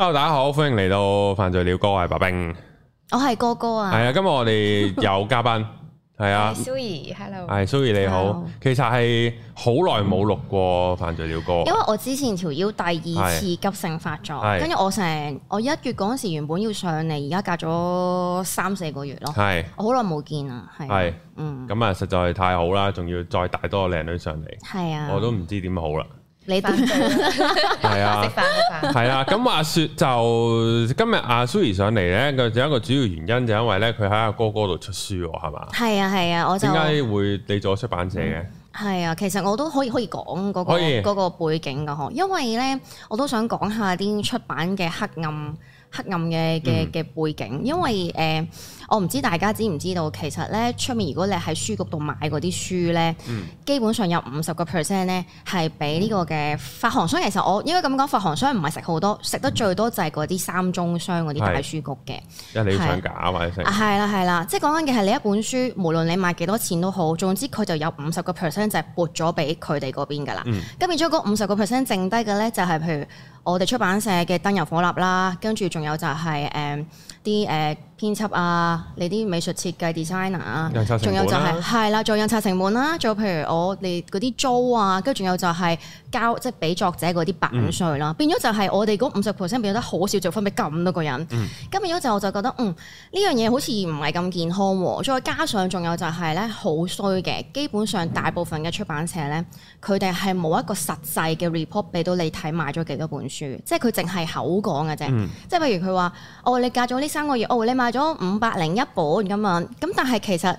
Hello 大家好，歡迎嚟到犯罪鳥歌，我係白兵，我係歌歌啊，係啊，今日我哋有嘉賓，係啊，Zoe，hello，係 Zoe 你好，其實係好耐冇錄過犯罪鳥歌，因為我之前條腰第二次急性發作，跟住是我成我一月嗰時原本要上嚟，而家隔咗三四個月咯，係是，我好耐冇見啊。係，嗯，咁啊實在係太好啦，仲要再帶多個靚女上嚟，係啊，我都唔知點好啦。你點嘅？係啊，食飯，飯，食飯係啊。咁話説就今日阿 Zoe 上嚟咧，就、啊、 有一個主要原因就因為咧，佢喺阿哥哥度出書喎，係嘛？係啊，係啊，我點解會你咗出版社嘅？係、嗯、啊，其實我都可以、那個、可以講嗰個背景噶呵，因為咧我都想講下啲出版嘅黑暗。黑暗嘅嘅嘅背景，因為誒、呃，我唔知大家知唔知道，其實咧出面如果你喺書局度買嗰啲書咧，嗯、基本上有五十個 percent 咧係俾呢個嘅發行商。其實我應該咁講，發行商唔係食好多，食得最多就係嗰啲三中商嗰啲大書局嘅。因為是你想假嘛，啲先是。係啦係啦，即係講緊嘅係你一本書，無論你賣幾多錢都好，總之佢就有五十個 percent 就係撥咗俾佢哋嗰邊㗎啦。咁變咗嗰五十個 percent 剩低嘅咧，就係、是嗯就是、譬如。我哋出版社嘅燈油火蠟啦，跟住仲有就係誒啲誒。呃編輯啊，你啲美術設計 designer 啊，仲有就係係啦，做印刷成本、啊就是、啦，仲有譬如、啊、我哋嗰啲租啊，跟住仲有就係交即係俾作者嗰啲版稅啦、啊。嗯、變咗就係我哋嗰五十 percent 變得好少，就分俾咁多個人。咁變咗就我就覺得嗯，呢樣嘢好似唔係咁健康喎、啊。再加上仲有就係咧好衰嘅，基本上大部分嘅出版社咧，佢哋係冇一個實際嘅 report 俾到你睇賣咗幾多本書，即係佢淨係口講嘅啫。即係譬如佢話哦，你隔咗呢三個月哦，你賣。咗五百零一本咁啊，咁但係其實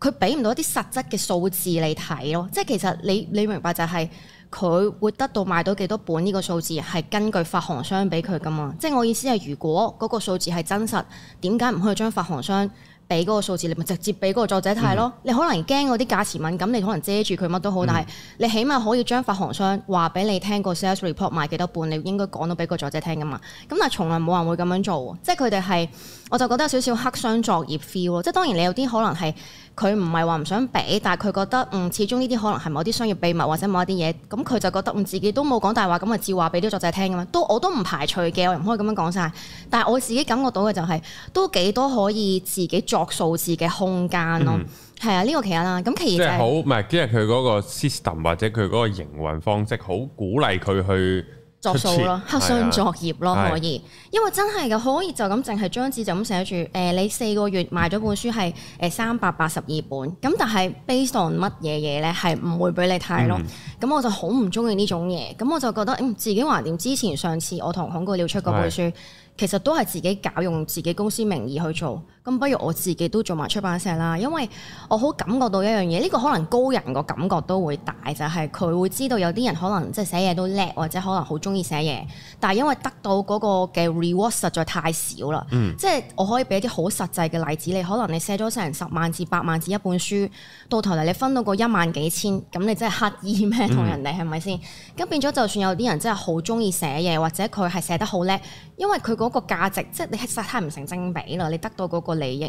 佢俾唔到一啲實質嘅數字你睇咯，即係其實你你明白就係佢會得到賣到幾多本呢個數字係根據發行商俾佢噶嘛，即係我意思係如果嗰個數字係真實，點解唔可以將發行商？俾嗰個數字，你咪直接俾嗰個作者睇咯。嗯、你可能驚嗰啲價錢敏感，你可能遮住佢乜都好，嗯、但係你起碼可以將發行商話俾你聽個 sales report 賣幾多本，你應該講到俾個作者聽噶嘛。咁但係從來冇人會咁樣做，即係佢哋係，我就覺得有少少黑箱作業 feel 咯。即係當然你有啲可能係。佢唔係話唔想俾，但係佢覺得嗯，始終呢啲可能係某啲商業秘密或者某一啲嘢，咁佢就覺得嗯自己都冇講大話，咁咪照話俾啲作者聽咁啊，都我都唔排除嘅，我唔可以咁樣講晒。但係我自己感覺到嘅就係、是、都幾多可以自己作數字嘅空間咯，係、嗯、啊，呢、這個其實啦，咁其即係好、就是，唔係即係佢嗰個 system 或者佢嗰個營運方式好鼓勵佢去作數咯，黑箱錢作業咯，哎、呀可以。的因為真係嘅，可以就咁淨係張紙就咁寫住，誒、呃，你四個月賣咗本書係誒三百八十二本，咁但係 based on 乜嘢嘢咧，係唔會俾你睇咯。咁、嗯、我就好唔中意呢種嘢，咁我就覺得，嗯，自己話掂。之前上次我同恐怖鳥出嗰本書，的其實都係自己搞，用自己公司名義去做。咁不如我自己都做埋出版社啦，因為我好感覺到一樣嘢，呢、這個可能高人個感覺都會大，就係、是、佢會知道有啲人可能即係寫嘢都叻，或者可能好中意寫嘢，但係因為得到嗰個嘅 reward 實在太少啦，即係、嗯、我可以俾一啲好實際嘅例子，你可能你寫咗成十萬至八萬字一本書，到頭嚟你分到個一萬幾千，咁你真係乞衣咩同人哋係咪先？咁、嗯、變咗就算有啲人真係好中意寫嘢，或者佢係寫得好叻，因為佢嗰個價值即係、就是、你實太唔成正比啦，你得到嗰、那個。利益，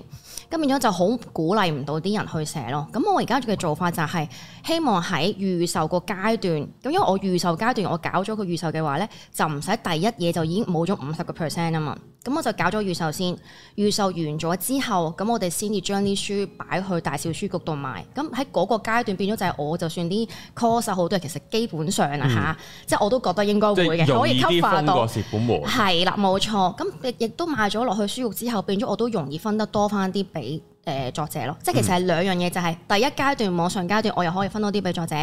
咁變咗就好鼓勵唔到啲人去寫咯。咁我而家嘅做法就係希望喺預售個階段，咁因為我預售階段我搞咗個預售嘅話咧，就唔使第一嘢就已經冇咗五十個 percent 啊嘛。咁我就搞咗預售先，預售完咗之後，咁我哋先至將啲書擺去大小書局度賣。咁喺嗰個階段變咗就係，我就算啲 course 好多其實基本上、嗯、啊吓，即係我都覺得應該會嘅，可以 cover 到。係啦，冇錯。咁亦亦都賣咗落去書局之後，變咗我都容易分。得多翻一啲俾。誒作者咯，即係其實係兩樣嘢，就係、是、第一階段網上階段，我又可以分多啲俾作者，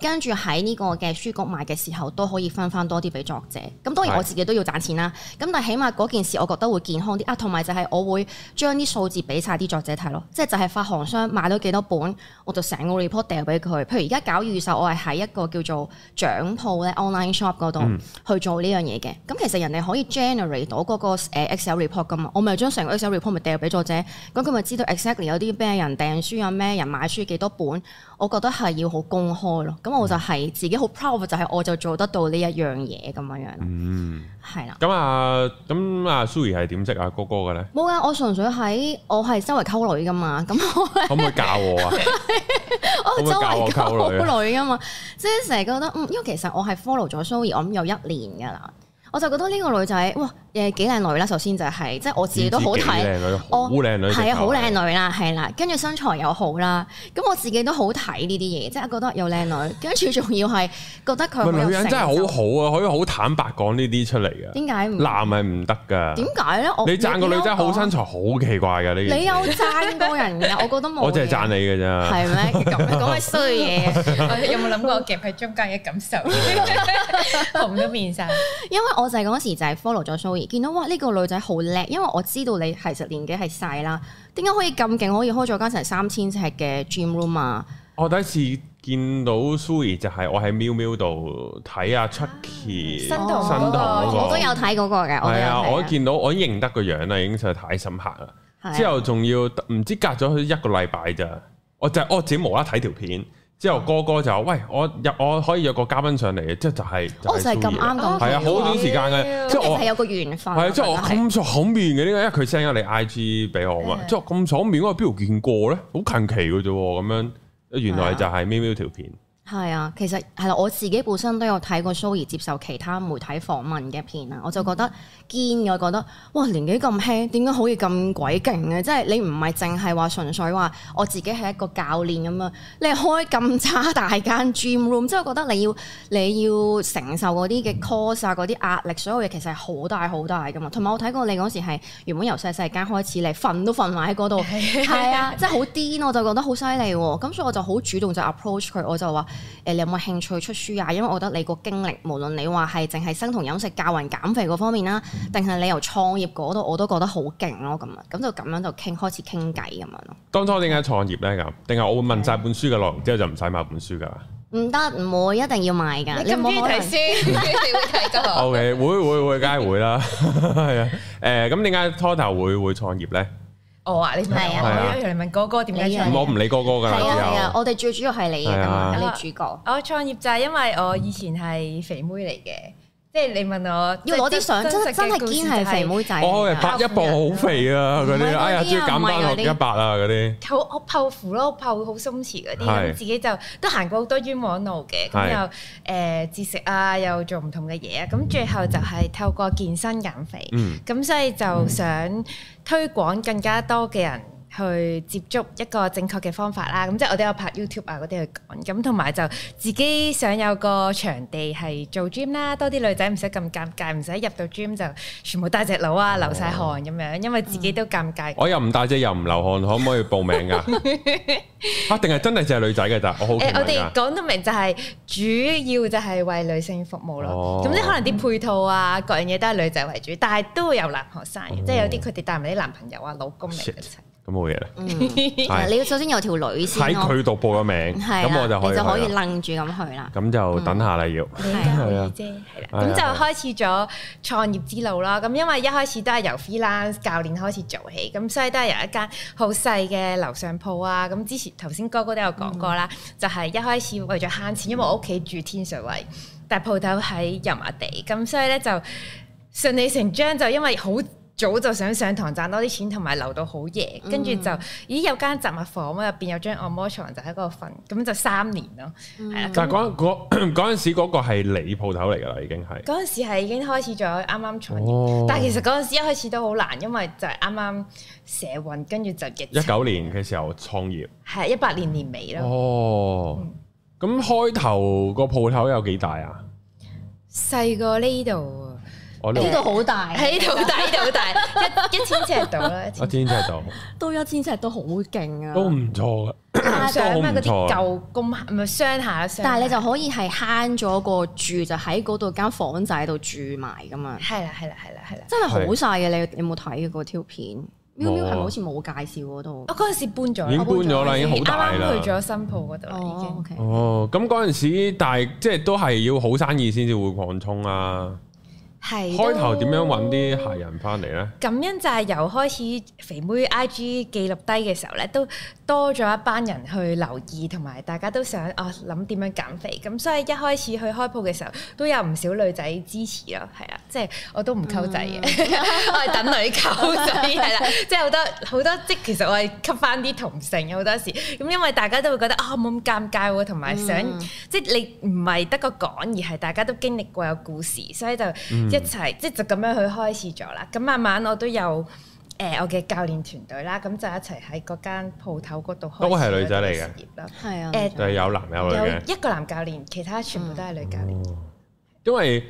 跟住喺呢個嘅書局賣嘅時候都可以分翻多啲俾作者。咁當然我自己都要賺錢啦，咁是的 但係起碼嗰件事我覺得會健康啲啊。同埋就係我會將啲數字俾晒啲作者睇咯，即係就係發行商買咗幾多本，我就成個 report 掉俾佢。譬如而家搞預售，我係喺一個叫做掌鋪咧 online shop 嗰度、嗯、去做呢樣嘢嘅。咁其實人哋可以 generate 到嗰個 Excel report 噶嘛，我咪將成個 Excel report 咪掉俾作者，咁佢咪知道 Exactly, 有啲咩人訂書，有咩人買書，幾多本，我覺得係要好公開咯。咁我就係、是嗯、自己好 proud，就係我就做得到呢一樣嘢咁樣樣。嗯，係啦是的、嗯。咁啊，咁啊，Zoe 係點識啊哥哥嘅咧？冇啊，我純粹喺我係周圍溝女噶嘛。咁我可唔可以教我啊？ 我周圍溝女噶嘛，即係成日覺得嗯，因為其實我係 follow 咗 Zoe，我諗有一年噶啦。我就覺得呢個女仔，哇，誒幾靚女啦！首先就係，即係我自己都好睇，靚女，好靚女，係啊，好靚女啦，係啦，跟住身材又好啦，咁我自己都好睇呢啲嘢，即係覺得又靚女，跟住仲要係覺得佢個女人真係好好啊，可以好坦白講呢啲出嚟嘅，點解男係唔得噶？點解咧？你讚個女仔好身材好奇怪嘅呢？你有讚過人嘅，我覺得冇我就係讚你嘅啫，係咩？咁樣講衰嘢，有冇諗過夾喺中間嘅感受？紅咗面上，因為我。我就係嗰時就係 follow 咗 Zoe，見到哇呢、呢個女仔好叻，因為我知道你其實年紀係細啦，點解可以咁勁可以開咗間成三千尺嘅 dream room 啊！我第一次見到 Zoe 就係我喺喵喵度睇阿 Chucky 新圖，我都有睇嗰個嘅，係啊！那個、我見到、啊、我認得個樣啦，已經實在太深刻啦。啊、之後仲要唔知隔咗一個禮拜咋，我就係我自己無啦睇條片。之後哥哥就話，喂，我入我可以約個嘉賓上嚟嘅，即係就係、是就是、我就係咁啱咁，係啊好短時間嘅，妙即係係有個緣分係啊，即係我咁熟面嘅呢，因為佢 send 咗你 I G 俾我啊嘛，即係咁熟面，我邊度見過咧？好近期嘅啫，咁樣原來就係喵喵條片。係啊，其實係啦、啊，我自己本身都有睇過 Zoe 接受其他媒體訪問嘅片、嗯、room，啊，我就覺得堅，我覺得哇年紀咁輕，點解可以咁鬼勁啊？即係你唔係淨係話純粹話我自己係一個教練咁啊？你係開咁差大間 gym room，即係我覺得你要你要承受嗰啲嘅 course 啊，嗰啲壓力，所有嘢其實係好大好大㗎嘛。同埋我睇過你嗰時係原本由細細間開始，你瞓都瞓埋喺嗰度，係啊，即係好癲，我就覺得好犀利喎。咁所以我就好主動就 approach 佢，我就話。誒，你有冇興趣出書啊？因為我覺得你個經歷，無論你話係淨係生酮飲食教人減肥嗰方面啦，定係你由創業嗰度，我都覺得好勁咯。咁啊，咁就咁樣就傾，開始傾偈咁樣咯。當初點解創業咧咁？定係我會問晒本書嘅內容之後就唔使買本書㗎？唔得，唔會，一定要買㗎。你看你有冇睇先？一定會睇㗎。OK，會會會，梗係會，會啦。係 啊。誒，咁點解拖頭會會創業咧？我話、啊、你唔係啊！我要嚟問哥哥點解唱？我唔理哥哥㗎。係啊，係啊。我哋最主要係你咁啊，你主角我。我創業就係因為我以前係肥妹嚟嘅。嗯即係你問我，要攞啲相真真係堅係肥妹仔。我拍一部好肥啊，嗰啲哎呀，要減翻落一百啊，嗰啲。好我泡芙咯，泡好鬆弛嗰啲，咁自己就都行過好多冤枉路嘅，咁又誒節食啊，又做唔同嘅嘢啊，咁最後就係透過健身減肥。咁所以就想推廣更加多嘅人。去接觸一個正確嘅方法啦，咁即係我都有拍 YouTube 啊嗰啲去講，咁同埋就自己想有個場地係做 gym 啦，多啲女仔唔使咁尷尬，唔使入到 gym 就全部大隻佬啊，流晒汗咁樣，因為自己都尷尬。嗯、我又唔大隻，又唔流汗，可唔可以報名 啊？一定係真係淨係女仔㗎咋？我誒、欸，我哋講得明就係主要就係為女性服務咯，咁即、哦、可能啲配套啊，各樣嘢都係女仔為主，但係都會有男學生嘅，哦、即係有啲佢哋帶埋啲男朋友啊、老公嚟嘅。咁冇嘢啦。你要首先有條女先喎。喺佢度報咗名，咁我就可以。你就可以愣住咁去啦。咁就等下啦，要係啊，係啦。咁就開始咗創業之路啦。咁因為一開始都係由 freelance 教練開始做起，咁所以都係由一間好細嘅樓上鋪啊。咁之前頭先哥哥都有講過啦，就係一開始為咗慳錢，因為我屋企住天水圍，但係鋪頭喺油麻地，咁所以咧就順理成章就因為好。早就想上堂賺多啲錢，同埋留到好夜。跟住、嗯、就咦有間雜物房入邊有張按摩床就，就喺嗰度瞓。咁就三年咯。嗯、的但係嗰陣嗰嗰時嗰個係你鋪頭嚟㗎啦，已經係。嗰陣時係已經開始咗啱啱創業，哦、但係其實嗰陣時一開始都好難，因為就係啱啱社運，跟住就疫情。一九年嘅時候創業係一八年年尾咯。哦，咁開頭個鋪頭有幾大啊？細、嗯、過呢度。呢度好大，喺呢度大，呢度大，一一千尺度啦，一千尺度，都一千尺都好勁啊！都唔錯嘅，都唔錯。嗰啲舊咁唔係商廈啊，但係你就可以係慳咗個住，就喺嗰度間房仔度住埋㗎嘛。係啦，係啦，係啦，係啦。真係好晒嘅，你有冇睇嗰條片？喵喵係咪好似冇介紹嗰度？啊，嗰陣時搬咗，已經搬咗啦，已經好大啦。啱啱去咗新鋪嗰度已經。哦，咁嗰陣時，但係即係都係要好生意先至會擴充啊！開頭點樣揾啲客人翻嚟咧？咁樣就係由開始肥妹 IG 記錄低嘅時候咧，都多咗一班人去留意，同埋大家都想啊諗點樣減肥。咁所以一開始去開鋪嘅時候，都有唔少女仔支持咯。係啊，即、就、係、是、我都唔溝仔嘅，嗯、 我係等女溝，所以係啦。即係好多好多，即係其實我係吸翻啲同性嘅好多時，咁因為大家都會覺得啊冇咁尷尬，同埋想、嗯、即係你唔係得個講，而係大家都經歷過有故事，所以就。嗯一齊即係就咁、是、樣去開始咗啦。咁慢慢我都有誒、呃、我嘅教練團隊啦。咁就一齊喺嗰間鋪頭嗰度都係女仔嚟嘅業係啊，誒、呃、有男有女嘅一個男教練，其他全部都係女教練。嗯嗯、因為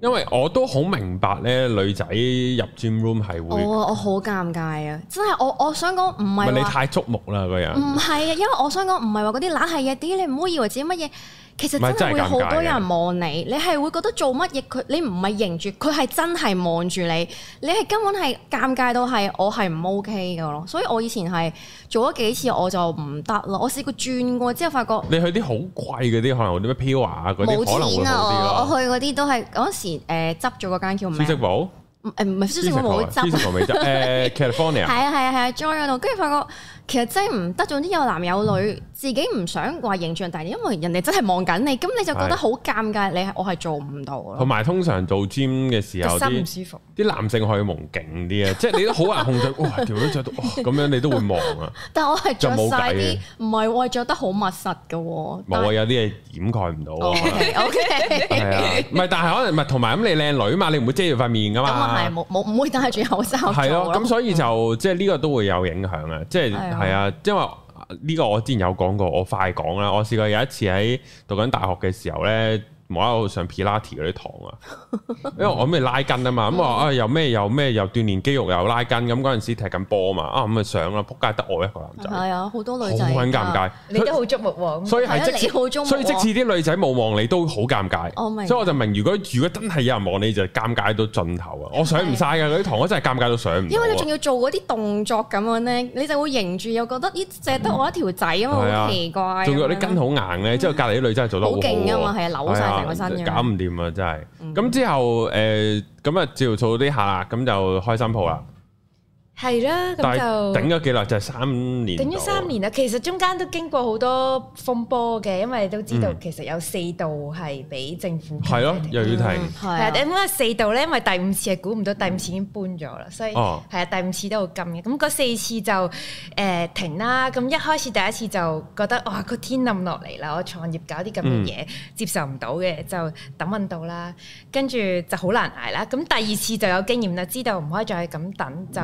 因為我都好明白咧，女仔入 gym room 係會我好尷尬啊！真係我我想講唔係你太觸目啦嗰樣，唔係啊。因為我想講唔係話嗰啲冷係啊啲，你唔好以為自己乜嘢。其實真係會好多人望你，你係會覺得做乜嘢佢，你唔係凝住，佢係真係望住你。你係根本係尷尬到係我係唔 OK 嘅咯。所以我以前係做咗幾次我就唔得咯。我試過轉過之後發覺，你去啲好貴嗰啲，可能嗰啲咩飄啊嗰啲，冇錢啊我我去嗰啲都係嗰時誒執咗嗰間叫，舒適堡誒，唔係舒適堡冇執，誒 California 係啊，係啊，係啊之後又跟住發覺。其實真係唔得，總之有男有女，自己唔想話形象大啲，因為人哋真係望緊你，咁你就覺得好尷尬。你係我係做唔到咯。同埋通常做 gym 嘅時候啲啲男性荷爾蒙勁啲啊，即係你都好難控制。哇，條女著到哇咁樣，你都會望啊。但係我係著曬啲，唔係我係著得好密實㗎喎。冇啊，有啲嘢掩蓋唔到啊。OK 係啊，唔係但係可能唔係同埋咁你靚女嘛，你唔會遮住塊面㗎嘛。咁啊係冇冇唔會戴住口罩。係咯，咁所以就即係呢個都會有影響啊，即係。係啊，因為呢個我之前有講過，我快講啦。我試過有一次喺讀緊大學嘅時候咧。冇喺度上 Pilates 嗰啲堂啊，因為我咩拉筋啊嘛，咁話啊又咩又咩又鍛煉肌肉又拉筋，咁嗰陣時踢緊波嘛，啊咁啊上啦，撲街得我一個男仔，係啊好多女仔好尷尬，你都好觸目喎，所以係即所以即使啲女仔冇望你都好尷尬，所以我就明如果如果真係有人望你就尷尬到盡頭啊，我上唔晒嘅嗰啲堂，真係尷尬到上唔，因為你仲要做嗰啲動作咁樣咧，你就會迎住又覺得咦，淨係得我一條仔啊嘛，好奇怪，仲有啲筋好硬咧，之後隔離啲女仔係做得好勁啊嘛，係啊扭晒。嗯、搞唔掂啊！真係咁、嗯、之後，誒咁啊，照做啲下啦，咁就開新鋪啦。係啦，咁、啊、就頂咗幾耐就三、是、年。等咗三年啦，其實中間都經過好多風波嘅，因為都知道其實有四度係俾政府係咯，又要停。係啊，咁嗰四度咧，因為第五次係估唔到，第五次已經搬咗啦，嗯、所以係、哦、啊，第五次都好禁嘅。咁嗰四次就誒、呃、停啦。咁一開始第一次就覺得哇，個天冧落嚟啦！我創業搞啲咁嘅嘢接受唔到嘅，就等運到啦。跟住就好難捱啦。咁第二次就有經驗啦，知道唔可以再係咁等就。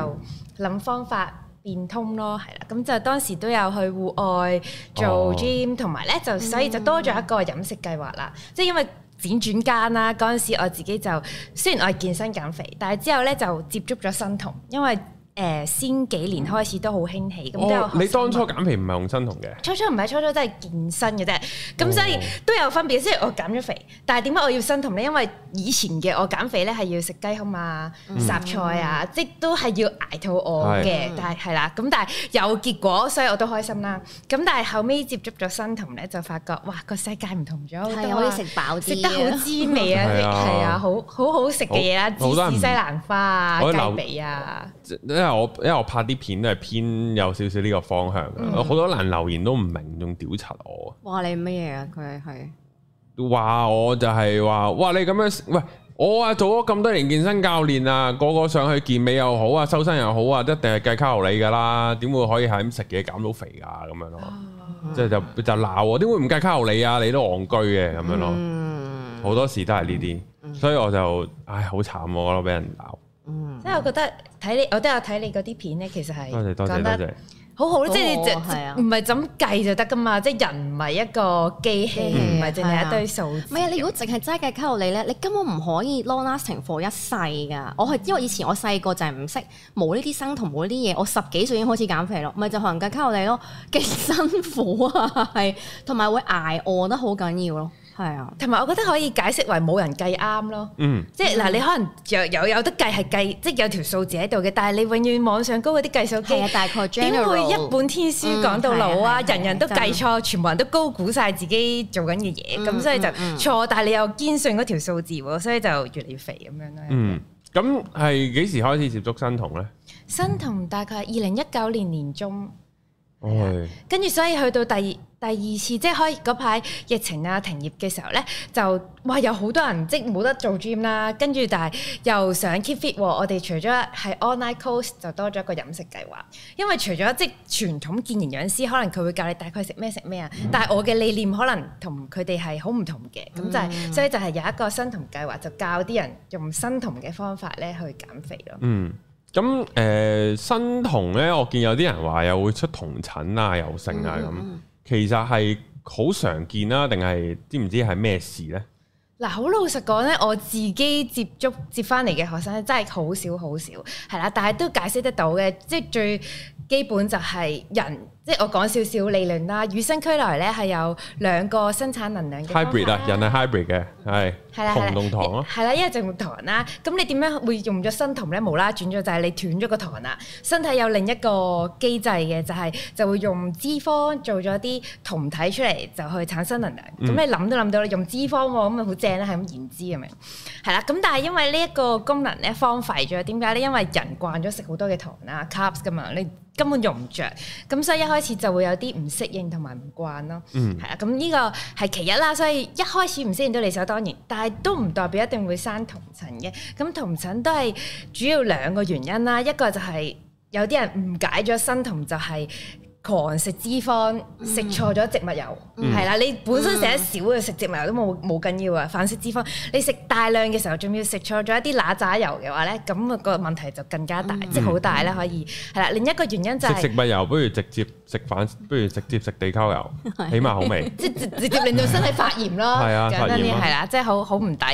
諗方法變通咯，係啦，咁就當時都有去戶外做 gym，同埋咧就所以就多咗一個飲食計劃啦。即係、嗯、因為輾轉，轉間啦，嗰陣時我自己就雖然我係健身減肥，但係之後咧就接觸咗生酮，因為。誒先幾年開始都好興起，咁都有。你當初減肥唔係用生酮嘅？初初唔係，初初都係健身嘅啫，咁所以都有分別。雖然我減咗肥，但係點解我要生酮咧？因為以前嘅我減肥咧係要食雞胸啊、雜菜啊，即係都係要捱肚餓嘅。但係係啦，咁但係有結果，所以我都開心啦。咁但係後尾接觸咗生酮咧，就發覺哇個世界唔同咗好多，可以食飽，食得好滋味啊！係啊，好好好食嘅嘢啦，芝士西蘭花啊、雞髀啊。因為我因為我拍啲片都係偏有少少呢個方向，好、嗯、多人留言都唔明，仲屌柒我。話你乜嘢啊？佢係話我就係話，哇你咁樣喂，我啊做咗咁多年健身教練啊，個個上去健美又好啊，修身又好啊，一定係計卡路里噶啦，點會可以係咁食嘢減到肥啊？咁樣咯，即係、嗯、就就鬧我，點會唔計卡路里啊？你都戇居嘅咁樣咯，好、嗯、多時都係呢啲，嗯嗯、所以我就唉好慘咯，俾、哎、人鬧。嗯，即係我覺得睇、嗯、你，我都有睇你嗰啲片咧，其實係講謝得多謝好好咧、啊是啊。即係你就唔係咁計就得噶嘛？即係人唔係一個機器，唔係淨係一堆數。唔係啊，啊！你如果淨係齋計卡路里咧，你根本唔可以 long lasting for 一世噶。我係因為以前我細個就係唔識冇呢啲生酮冇呢啲嘢，我十幾歲已經開始減肥咯，咪就學人計卡路里咯，幾辛苦啊，係同埋會挨餓得好緊要咯。係啊，同埋我覺得可以解釋為冇人計啱咯，嗯、即係嗱，你可能有有得計係計，即有條數字喺度嘅，但係你永遠網上高嗰啲計數機，大概點會一本天書講到老啊？嗯、人人都計錯，的全部人都高估晒自己做緊嘅嘢，咁、嗯、所以就錯，嗯、但係你又堅信嗰條數字，所以就越嚟越肥咁樣咯。嗯，咁係幾時開始接觸新銅咧？新銅大概二零一九年年中，嗯、跟住所以去到第二。第二次，即係開嗰排疫情啊停業嘅時候呢，就哇有好多人即冇得做 gym 啦、啊，跟住但係又想 keep fit 喎。我哋除咗係 online course，就多咗一個飲食計劃。因為除咗即係傳統見營養師，可能佢會教你大概食咩食咩啊，但係我嘅理念可能同佢哋係好唔同嘅，咁、嗯、就係、是、所以就係有一個生酮計劃，就教啲人用生酮嘅方法呢去減肥咯、啊。嗯，咁誒、呃、生酮呢，我見有啲人話又會出酮疹啊，又性啊咁。嗯。其實係好常見啦，定係知唔知係咩事呢？嗱、啊，好老實講呢，我自己接觸接翻嚟嘅學生真係好少好少，係啦，但係都解釋得到嘅，即係最基本就係人。即係我講少少理論啦，與生俱來咧係有兩個生產能量嘅、啊。hybrid 啊，人係 hybrid 嘅，係。係啦、啊，同啦、啊。糖同糖咯，係啦，因為植物糖啦。咁你點樣會用咗新糖咧？無啦啦轉咗就係、是、你斷咗個糖啦。身體有另一個機制嘅，就係、是、就會用脂肪做咗啲酮體出嚟，就去產生能量。咁、嗯、你諗都諗到啦，你用脂肪喎，咁咪好正啦，係咁燃脂咁樣。係啦，咁但係因為呢一個功能咧荒廢咗，點解咧？因為人慣咗食好多嘅糖啦 carbs 噶嘛，你。根本用唔着，咁所以一開始就會有啲唔適應同埋唔慣咯。嗯，係啊，咁呢個係其一啦，所以一開始唔適應都理所當然。但係都唔代表一定會生酮症嘅。咁酮症都係主要兩個原因啦，一個就係有啲人誤解咗生酮就係、是。狂食脂肪，食錯咗植物油，係啦，你本身食得少嘅食植物油都冇冇緊要啊。反式脂肪，你食大量嘅時候，仲要食錯咗一啲乸渣油嘅話咧，咁個問題就更加大，即係好大啦。可以係啦。另一個原因就係食植物油不如直接食反，不如直接食地溝油，起碼好味。即係直直接令到身體發炎啦。係啊，發炎係啦，即係好好唔抵。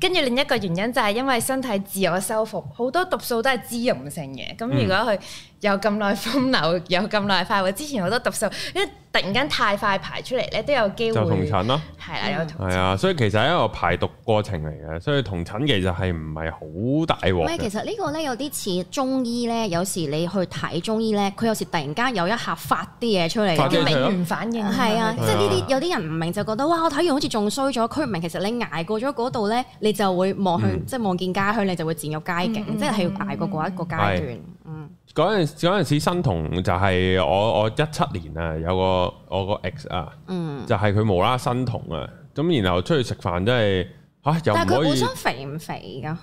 跟住另一個原因就係因為身體自我修復，好多毒素都係脂溶性嘅。咁如果佢有咁耐風流，有咁耐快活。之前好多毒素，因為突然間太快排出嚟咧，都有機會。就同診咯、啊。係啦、啊，有同診。係啊，所以其實係一個排毒過程嚟嘅，所以同診其實係唔係好大鑊。其實呢個咧有啲似中醫咧，有時你去睇中醫咧，佢有時突然間有一下發啲嘢出嚟，叫免疫反應。係啊，即係呢啲有啲人唔明就覺得哇！我睇完好似仲衰咗，佢唔明其實你捱過咗嗰度咧，你就會望向即係望見家鄉，你就會漸入佳境，嗯、即係要捱過嗰一個階段。嗯。是嗯嗰陣嗰時新銅就係我，我一七年啊，有個我個 ex 啊，嗯、就係佢無啦新銅啊，咁然後出去食飯都係嚇又可以，但係佢本身肥唔肥噶？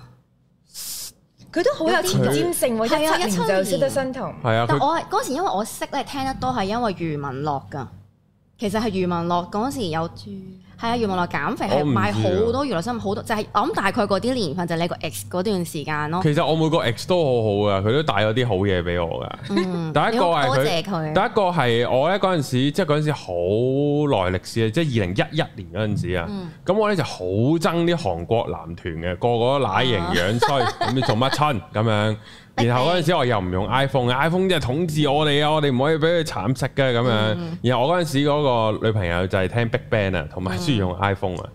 佢他都好有他尖性喎，就一七年就識得新銅，係啊！啊但我係嗰時因為我識咧聽得多係因為余文樂噶，其實係余文樂嗰時有係啊，原來減肥係賣好多娛樂新聞，好多就係我諗大概嗰啲年份就係你個 x 嗰段時間咯。其實我每個 x 都好好噶，佢都帶咗啲好嘢俾我噶。嗯、 第一個係佢，謝第一個係我咧嗰陣時，即係嗰陣時好耐歷史啊，即係二零一一年嗰陣時啊。咁、嗯、我咧就好憎啲韓國男團嘅，個個都奶型樣衰，咁你、嗯、 做乜親咁樣？然後嗰陣時我又唔用 Phone, iPhone 嘅，iPhone 真係統治我哋啊！嗯、我哋唔可以俾佢慘食嘅咁樣。然後我嗰陣時嗰個女朋友就係聽 BigBang 啊、嗯，同埋鍾意用 iPhone 啊。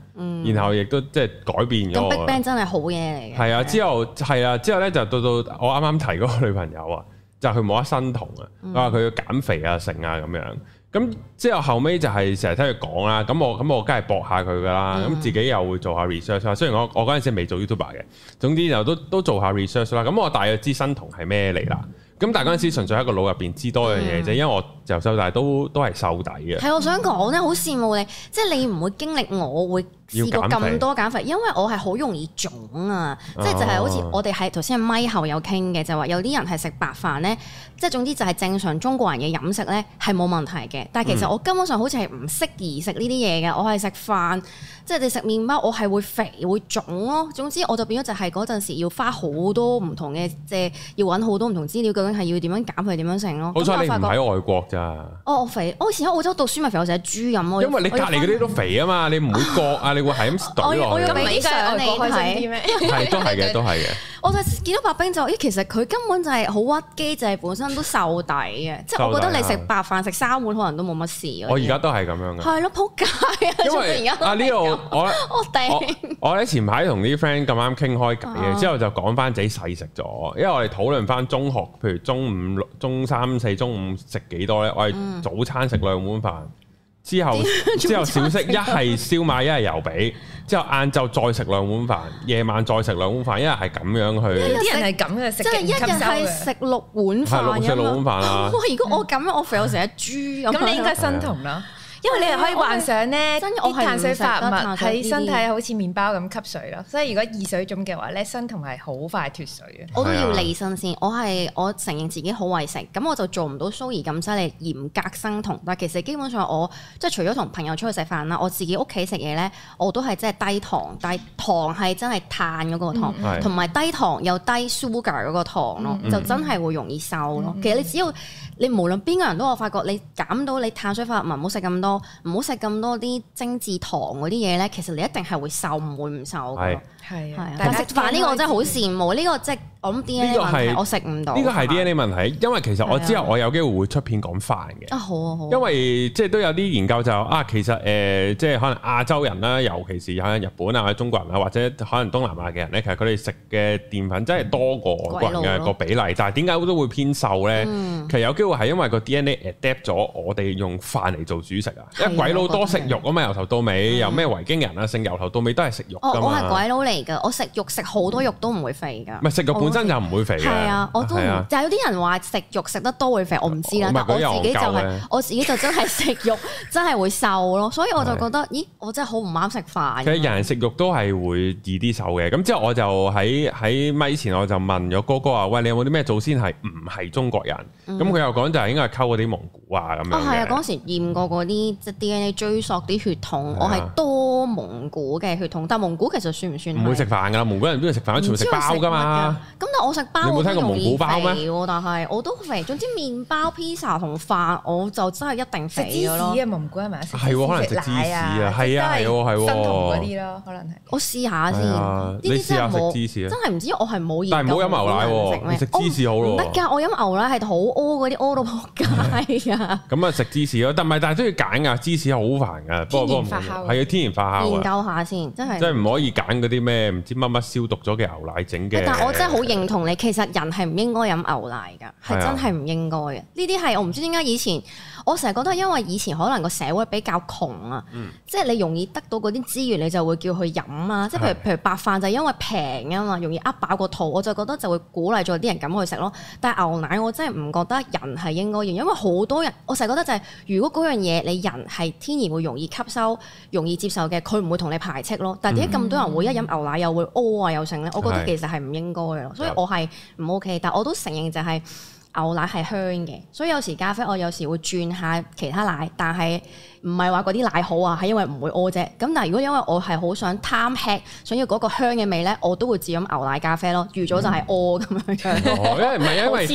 然後亦都即係改變咗。咁 BigBang 真係好嘢嚟嘅。係啊，之後係啊，之後咧就到我剛剛到我啱啱提嗰個女朋友啊，就佢冇得生酮啊，佢話佢要減肥啊、食啊咁樣。等等。.咁之後後尾就係成日聽佢講啦，咁我咁我梗係搏下佢噶啦，咁、嗯、自己又會做下 research 啦。雖然我我嗰陣時未做 YouTuber 嘅，總之就都都做下 research 啦。咁我大約知新同係咩嚟啦。咁但係嗰陣時純粹喺個腦入邊知多樣嘢啫，嗯、因為我由細到大都都係瘦底嘅。係，我想講咧，好羨慕你，即係你唔會經歷我，我會。試過咁多減肥，因為我係好容易腫啊！哦、即係就係好似我哋係頭先咪後有傾嘅，就話、是、有啲人係食白飯咧，即係總之就係正常中國人嘅飲食咧係冇問題嘅。但係其實我根本上好似係唔適宜食呢啲嘢嘅，我係食飯，即係你食麪包，我係會肥會腫咯。總之我就變咗就係嗰陣時要花好多唔同嘅，即、就、係、是、要揾好多唔同資料，究竟係要點樣減肥，點樣食咯？好彩你唔喺外國咋？哦，我肥，我以前喺澳洲讀書咪肥我成豬咁咯。因為你隔離啲都肥啊嘛， 你唔會覺啊？你會係咁懟落嚟。我我要俾相你睇，係都係嘅，都係嘅。 我就見到白兵就，咦，其實佢根本就係好屈機，就係、是、本身都瘦底嘅。即係我覺得你食白飯食三碗，可能都冇乜事。我而家都係咁樣嘅。係咯，撲街啊！因為阿呢度我我頂。我喺前排同啲 friend 咁啱傾開偈嘅，之後就講翻自己細食咗，因為我哋討論翻中學，譬如中五中三四、中五食幾多咧。嗯、我哋早餐食兩碗飯。之後小，之後少食，一係燒賣，一係油髀。之後晏晝再食兩碗飯，夜晚再食兩碗飯，一係咁樣去。有啲人係咁嘅食，即係、就是、一日係食六碗飯。食六,六碗飯啦。如果我咁樣，我肥我成隻豬咁。咁你應該身同啦。哎因為你係可以幻想咧，啲、哎、呀碳水化合物喺身體好似麵包咁吸水咯，所以如果易水腫嘅話咧，生酮係好快脫水嘅。我都要理身先，哎、呀 我係我承認自己好為食，咁我就做唔到 Zoe 咁犀利嚴格生酮。但其實基本上我即係除咗同朋友出去食飯啦，我自己屋企食嘢咧，我都係真係低糖、但糖係真係碳嗰個糖，同埋、嗯、低糖又低 sugar 嗰個糖咯，嗯、就真係會容易瘦咯。嗯、其實你只要。你無論邊個人都我發覺，你減到你碳水化合物唔好食咁多，唔好食咁多啲精製糖嗰啲嘢咧，其實你一定係會瘦，唔會唔瘦嘅。係，但食飯呢個真係好羨慕呢個即係我諗 DNA 呢個係我食唔到，呢個係 DNA 問題，因為其實我之後我有機會會出片講飯嘅。好啊好。因為即係都有啲研究就啊，其實誒即係可能亞洲人啦，尤其是喺日本啊、喺中國人啊，或者可能東南亞嘅人咧，其實佢哋食嘅澱粉真係多過外國人嘅個比例。但係點解都會偏瘦咧？其實有機會係因為個 DNA adapt 咗我哋用飯嚟做主食啊。因為鬼佬多食肉啊嘛，由頭到尾由咩維京人啊，剩由頭到尾都係食肉噶鬼佬肥噶，我食肉食好多肉都唔會肥噶。唔係食肉本身就唔會肥。係 啊，我都、啊、就係有啲人話食肉食得多會肥，我唔知啦。但係我自己就係、是、 我自己就真係食肉真係會瘦咯，所以我就覺得是咦，我真係好唔啱食飯，其實人食肉都係會易啲瘦嘅。咁之後我就喺喺咪以前我就問咗哥哥啊，喂，你有冇啲咩祖先係唔係中國人？咁佢、嗯、又講就係應該係溝嗰啲蒙古啊咁樣啊係啊，嗰陣、啊、時驗過嗰啲即係 DNA 追溯啲血統，我係多蒙古嘅血統，啊、但係蒙古其實算唔算？唔會食飯噶啦，蒙古人邊度食飯？全部食包噶嘛。咁但我食包，你冇聽過蒙古包咩？但係我都肥，總之麪包、披薩同飯，我就真係一定肥咗。食芝士啊，蒙古人，可能食芝士啊，係啊，係新同嗰啲可能。我試下先，你試下食芝士啊！真係唔知我係唔好意思。但係唔好飲牛奶喎，食芝士好咯。唔得㗎，我飲牛奶係好屙嗰啲，屙到撲街啊！咁啊，食芝士咯，但係但係都要揀㗎，芝士好煩㗎。天然發酵。係啊，天然發酵。研究下先，真係。真係唔可以揀嗰啲咩唔知乜乜消毒咗嘅牛奶整嘅？但我真係好認同你，其實人係唔應該飲牛奶㗎，係真係唔應該嘅。呢啲係我唔知點解以前。我成日覺得因為以前可能個社會比較窮啊，嗯、即係你容易得到嗰啲資源，你就會叫佢飲啊。嗯、即係譬如譬如白飯就係因為平啊嘛，容易呃飽個肚，我就覺得就會鼓勵咗啲人咁去食咯。但係牛奶我真係唔覺得人係應該要，因為好多人我成日覺得就係、是、如果嗰樣嘢你人係天然會容易吸收、容易接受嘅，佢唔會同你排斥咯。但係點解咁多人會一飲牛奶又會屙啊又剩咧？嗯、我覺得其實係唔應該咯，所以我係唔 OK。但我都承認就係、是。牛奶係香嘅，所以有時咖啡我有時會轉下其他奶，但係唔係話嗰啲奶好啊，係因為唔會屙啫。咁但係如果因為我係好想貪吃，想要嗰個香嘅味咧，我都會自飲牛奶咖啡咯。預咗就係屙咁樣嘅，因為唔係因為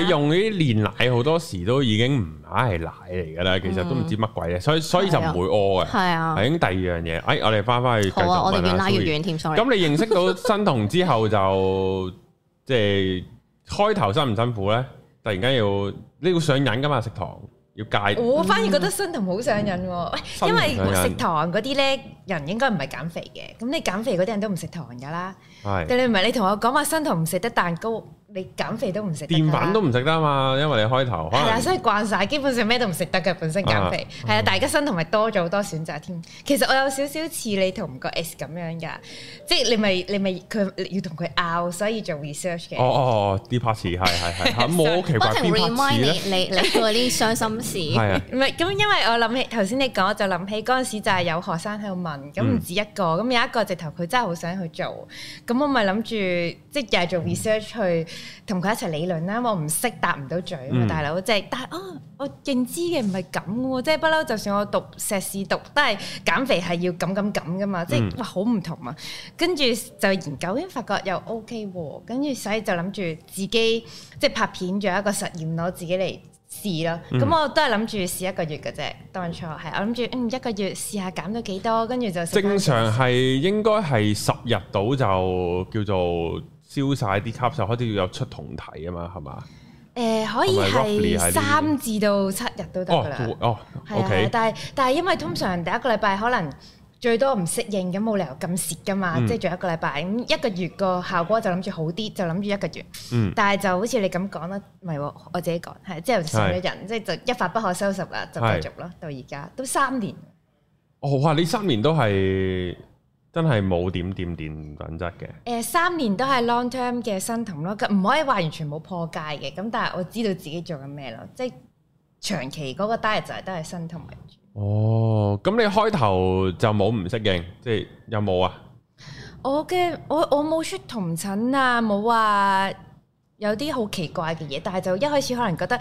你用呢啲煉奶好多時都已經唔係奶嚟㗎啦，其實都唔知乜鬼啊，所以所以就唔會屙嘅。係啊，係咁第二樣嘢，哎，我哋翻返去。好啊，我哋越拉越遠添，sorry。咁你認識到新同之後就即係。開頭辛唔辛苦咧？突然間要你要上癮㗎嘛？食糖要戒，我、哦、反而覺得新糖好上癮喎，嗯、因為食糖嗰啲咧，人應該唔係減肥嘅，咁你減肥嗰啲人都唔食糖㗎啦，但是你唔係你同我講話新糖唔食得蛋糕。你減肥都唔食，澱粉都唔食得嘛？因為你開頭係啦，所以慣晒，基本上咩都唔食得嘅。本身減肥係啊，啊，大家身同埋多咗好多選擇添。啊啊、其實我有少少似你同個 S 咁樣㗎，即係你咪你咪佢要同佢拗，所以做 research 嘅、哦。哦哦啲 part time 係係係，冇好奇怪。remind 你你你嗰啲傷心事，唔係咁， 因為我諗起頭先你講，我就諗起嗰陣時就係有學生喺度問，咁唔、嗯、止一個，咁有一個直頭佢真係好想去做，咁、嗯、我咪諗住即日又係做 research 去。同佢一齊理論啦，我唔識答唔到嘴啊，嗯、大佬，即、就、係、是、但係啊，我認知嘅唔係咁喎，即係不嬲，就算我讀碩士讀都係減肥係要咁咁咁嘅嘛，嗯、即係哇好唔同啊！跟住就研究已先發覺又 OK 喎、啊，跟住所以就諗住自己即係拍片做一個實驗攞自己嚟試咯。咁、嗯、我都係諗住試一個月嘅啫，當初係我諗住嗯一個月試下減咗幾多，跟住就正常係應該係十日到就叫做。燒曬啲吸收，開始要有出同體啊嘛，係嘛？誒，可以係三至到七日都得噶啦。哦，係啊，但係但係因為通常第一個禮拜可能最多唔適應咁，冇理由咁蝕噶嘛。即係仲有一個禮拜，咁一個月個效果就諗住好啲，就諗住一個月。嗯。但係就好似你咁講咧，唔係我自己講，係即係少咗人，即係就一發不可收拾啦，就繼續咯，到而家都三年。哦哇！你三年都係～真係冇點掂掂品質嘅。誒、呃、三年都係 long term 嘅生酮咯，咁唔可以話完全冇破戒嘅。咁但係我知道自己做緊咩咯，即係長期嗰個 diet、er、都係生酮為主。哦，咁你開頭就冇唔適應，即係有冇啊？我嘅我我冇出酮疹啊，冇話有啲好奇怪嘅嘢，但係就一開始可能覺得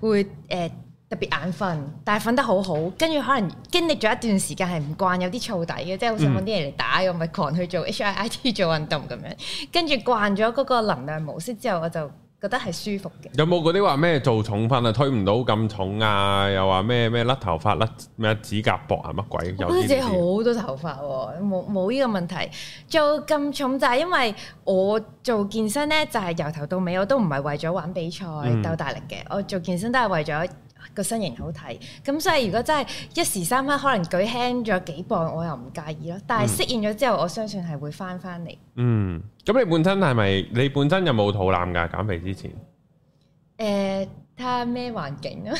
會誒。呃特別眼瞓，但係瞓得好好，跟住可能經歷咗一段時間係唔慣，有啲燥底嘅，即係好想揾啲人嚟打，嗯、我咪狂去做 HIIT 做運動咁樣，跟住慣咗嗰個能量模式之後，我就覺得係舒服嘅。有冇嗰啲話咩做重訓啊，推唔到咁重啊？又話咩咩甩頭髮甩咩指甲薄啊？乜鬼？我嗰陣好多頭髮喎、啊，冇冇呢個問題。做咁重就係因為我做健身咧，就係、是、由頭到尾我都唔係為咗玩比賽、嗯、鬥大力嘅，我做健身都係為咗。個身形好睇，咁所以如果真係一時三刻可能舉輕咗幾磅，我又唔介意咯。但係適應咗之後，我相信係會翻翻嚟。嗯，咁你本身係咪？你本身有冇肚腩噶？減肥之前？誒，睇下咩環境咯？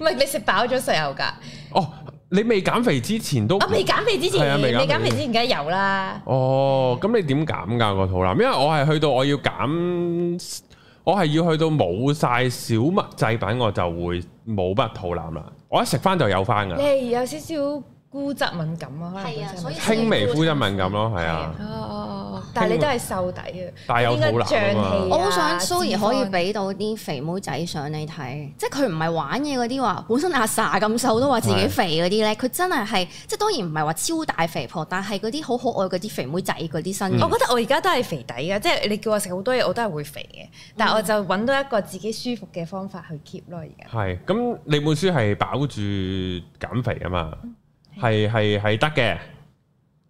唔係你食飽咗石油㗎？哦，你未減肥之前都？我未減肥之前，未減肥之前梗係有啦。哦，咁你點減㗎個肚腩？因為我係去到我要減。我係要去到冇晒小麥製品，我就會冇乜肚腩啦。我一食翻就有翻㗎。有少少膚質敏感啊，可能輕微膚質敏感咯，係啊。但係你都係瘦底嘅，啊，應該脹氣啊。我好想 Zoe 可以俾到啲肥妹仔上你睇，即係佢唔係玩嘢嗰啲話，本身阿 Sa 咁瘦都話自己肥嗰啲咧，佢真係係即係當然唔係話超大肥婆，但係嗰啲好可愛嗰啲肥妹仔嗰啲身。我覺得我而家都係肥底㗎，即係你叫我食好多嘢我都係會肥嘅，但係我就揾到一個自己舒服嘅方法去 keep 咯。而家係咁，你本書係飽住減肥啊嘛。係係係得嘅，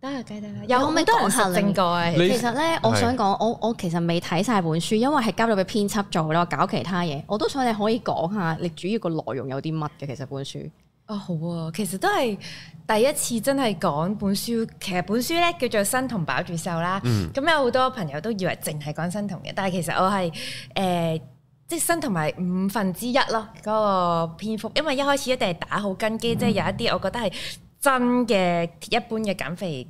得啊，記得啦。咪都唔可以講下？其實咧，我想講，我我其實未睇晒本書，因為係交咗俾編輯做啦，搞其他嘢。我都想你可以講下，你主要個內容有啲乜嘅？其實本書啊、哦，好啊，其實都係第一次真係講本書。其實本書咧叫做《新同飽住瘦》啦。咁有好多朋友都以為淨係講新同嘅，但係其實我係誒、呃，即新同埋五分之一咯。嗰、那個篇幅，因為一開始一定係打好根基，嗯、即係有一啲我覺得係。真嘅一般嘅減肥。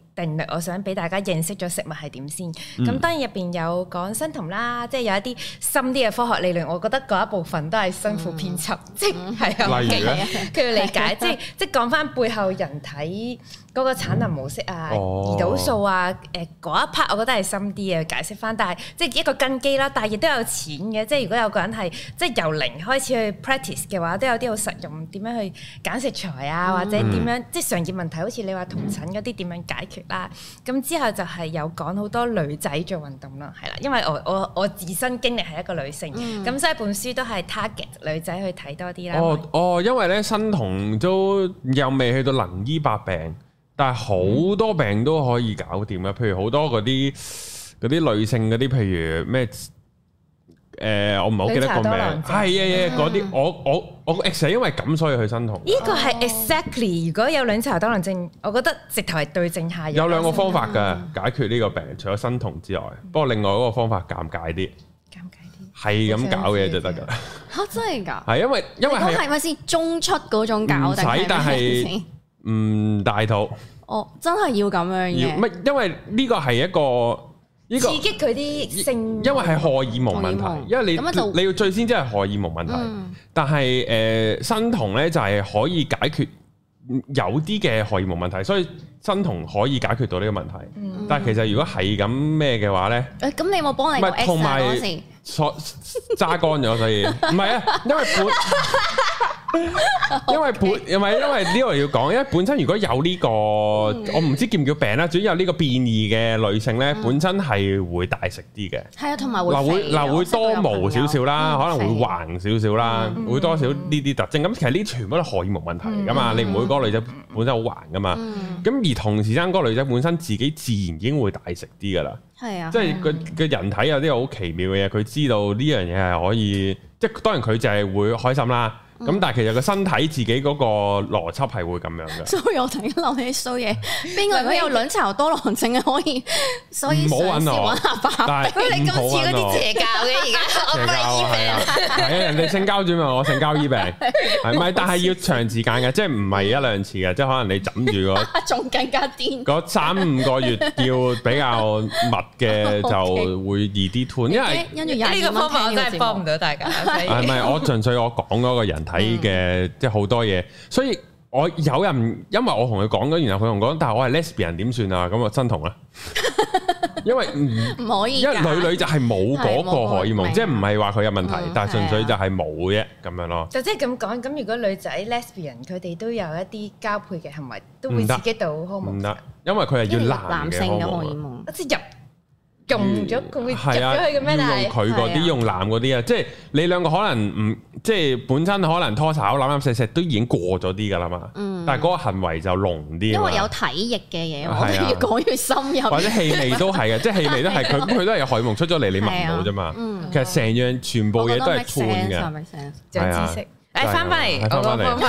我想俾大家認識咗食物係點先。咁、嗯、當然入邊有講生酮啦，即、就、係、是、有一啲深啲嘅科學理論。我覺得嗰一部分都係辛苦編輯，嗯、即係係咁嚟解，佢要理解。 即係即係講翻背後人體嗰個產能模式啊，胰、哦、島素啊，誒、呃、嗰一 part 我覺得係深啲嘅解釋翻。但係即係一個根基啦，但係亦都有淺嘅。即係如果有個人係即係由零開始去 practice 嘅話，都有啲好實用，點樣去揀食材啊，嗯、或者點樣即係常見問題，好似你話同診嗰啲點樣解決、嗯？嗯啦，咁、啊、之後就係有講好多女仔做運動啦，係啦，因為我我我自身經歷係一個女性，咁、嗯、所以本書都係 target 女仔去睇多啲啦。哦以哦，因為咧，新銅都又未去到能醫百病，但係好多病都可以搞掂啦、嗯。譬如好多嗰啲嗰啲女性嗰啲，譬如咩？誒，我唔係好記得個名，係啊啊，嗰啲我我我 ex 係因為咁所以去生酮，呢個係 exactly。如果有卵巢多囊症，我覺得直頭係對症下藥。有兩個方法㗎解決呢個病，除咗生酮之外，不過另外嗰個方法尷尬啲，尷尬啲，係咁搞嘢就得㗎。嚇真係㗎？係因為因為係咪先中出嗰種搞？唔使，但係唔大肚。哦，真係要咁樣嘅？乜？因為呢個係一個。刺激佢啲性，因為係荷爾蒙問題，因為你你要最先即係荷爾蒙問題，但係誒，生酮咧就係可以解決有啲嘅荷爾蒙問題，所以生酮可以解決到呢個問題。但係其實如果係咁咩嘅話咧，誒，咁你有冇幫你？同埋，錯榨乾咗，所以唔係啊，因為本。因為本，因為因為呢個要講，因為本身如果有呢個，我唔知叫唔叫病啦，主要有呢個變異嘅女性咧，本身係會大食啲嘅，係啊，同埋會嗱會多毛少少啦，可能會橫少少啦，會多少呢啲特徵，咁其實呢全部都荷爾蒙問題嚟噶嘛，你唔會個女仔本身好橫噶嘛，咁而同時間嗰個女仔本身自己自然已經會大食啲噶啦，係啊，即係佢佢人體有啲好奇妙嘅嘢，佢知道呢樣嘢係可以，即係當然佢就係會開心啦。咁但係其實個身體自己嗰個邏輯係會咁樣嘅。所以我突然間諗起衰嘢，邊個有卵巢多囊症啊？可以，所以唔好揾我。但係唔好啊！嗰啲邪教嘅而家，邪教係啊，係啊，人哋性交轉埋我性交醫病，係咪？但係要長時間嘅，即係唔係一兩次嘅，即係可能你枕住仲更加癲。嗰三五個月要比較密嘅就會易啲痛，因為呢個方法我真係幫唔到大家。係咪？我純粹我講嗰個人。睇嘅即係好多嘢，所以我有人，因為我同佢講咗，然後佢同我講，但係我係 lesbian 點算啊？咁啊，新同啦，因為唔可以，因為女女就係冇嗰個荷爾蒙，即係唔係話佢有問題，但係純粹就係冇啫咁樣咯。就即係咁講，咁如果女仔 lesbian 佢哋都有一啲交配嘅行為，都會刺激到好。唔得，因為佢係要男男性嘅荷爾蒙，即係入。用咗佢，用咗佢嘅咩？但佢嗰啲用男嗰啲啊，即係你兩個可能唔即係本身可能拖手攬攬錫錫都已經過咗啲噶啦嘛。嗯，但係嗰個行為就濃啲，因為有體液嘅嘢。我哋越講越深入。或者氣味都係嘅，即係氣味都係佢，佢都係荷爾蒙出咗嚟，你聞到啫嘛。其實成樣全部嘢都係判嘅，係啊。誒，翻翻嚟我個方法，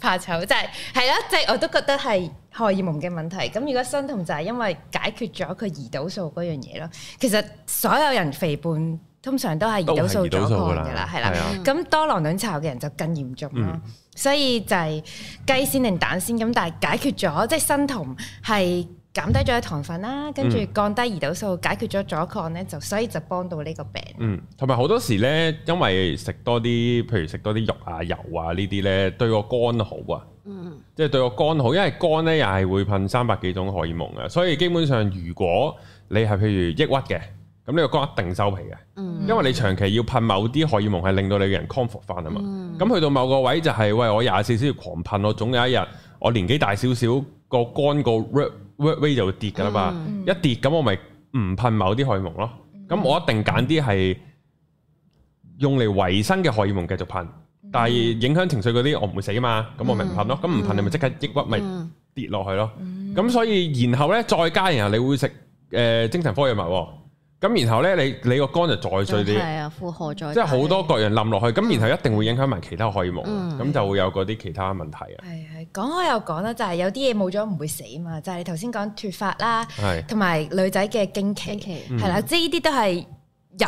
怕醜 就係係咯，即係、就是、我都覺得係荷爾蒙嘅問題。咁如果鋅酮就係因為解決咗佢胰島素嗰樣嘢咯。其實所有人肥胖通常都係胰島素阻抗噶啦，係啦。咁多囊卵巢嘅人就更嚴重咯。嗯、所以就係雞先定蛋先咁，但係解決咗即係鋅酮係。就是減低咗糖分啦，跟住降低胰島素，解決咗阻抗呢，就所以就幫到呢個病。嗯，同埋好多時呢，因為食多啲，譬如食多啲肉啊、油啊呢啲呢，對個肝好啊。即係、嗯、對個肝好，因為肝呢又係會噴三百幾種荷爾蒙嘅，所以基本上如果你係譬如抑鬱嘅，咁呢個肝一定收皮嘅。嗯、因為你長期要噴某啲荷爾蒙係令到你嘅人康復翻啊嘛。咁、嗯、去到某個位就係、係，喂，我廿四小時狂噴我，總有一日我年紀大少少、個肝個 r 就會跌噶啦嘛，嗯、一跌咁我咪唔噴某啲荷爾蒙咯，咁、嗯、我一定揀啲係用嚟維生嘅荷爾蒙繼續噴，嗯、但係影響情緒嗰啲我唔會死吖嘛，咁我咪唔噴咯，咁唔噴你咪即刻抑鬱咪跌落去咯，咁、嗯嗯、所以然後咧再加然後你會食誒、呃、精神科藥物。咁然後咧，你你個肝就再衰啲，係啊，負荷再即係好多個人冧落去，咁、嗯、然後一定會影響埋其他可以冇，咁、嗯、就會有嗰啲其他問題啊。係係，講開又講啦，就係、是、有啲嘢冇咗唔會死嘛，就係、是、你頭先講脫髮啦，係同埋女仔嘅經期。係啦，即係呢啲都係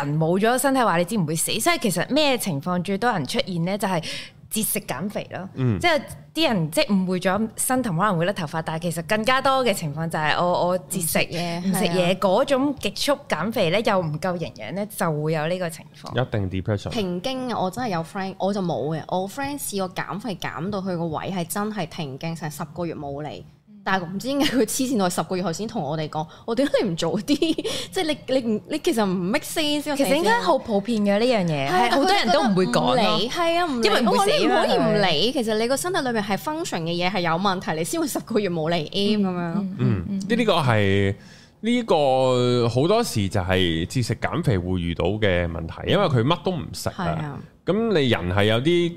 人冇咗身體話你知唔會死，所以其實咩情況最多人出現咧，就係、是。節食減肥咯，即係啲人即係誤會咗，身頭可能會甩頭髮，但係其實更加多嘅情況就係我我節食嘢，唔食嘢嗰種極速減肥咧，又唔夠營養咧，就會有呢個情況。一定 depression 停經，我真係有 friend，我就冇嘅。我 friend 試過減肥減到佢個位係真係停經，成十個月冇嚟。但係唔知點解佢黐線，我十個月後先同我哋講，我點解你唔早啲？即係你你唔你其實唔 make sense 先。其實應該好普遍嘅呢樣嘢，好多人都唔會講。係啊，因為唔會寫。你唔可以唔理，其實你個身體裏面係 function 嘅嘢係有問題，你先會十個月冇嚟 M 咁樣。嗯，呢呢個係呢個好多時就係節食減肥會遇到嘅問題，因為佢乜都唔食啊。咁你人係有啲。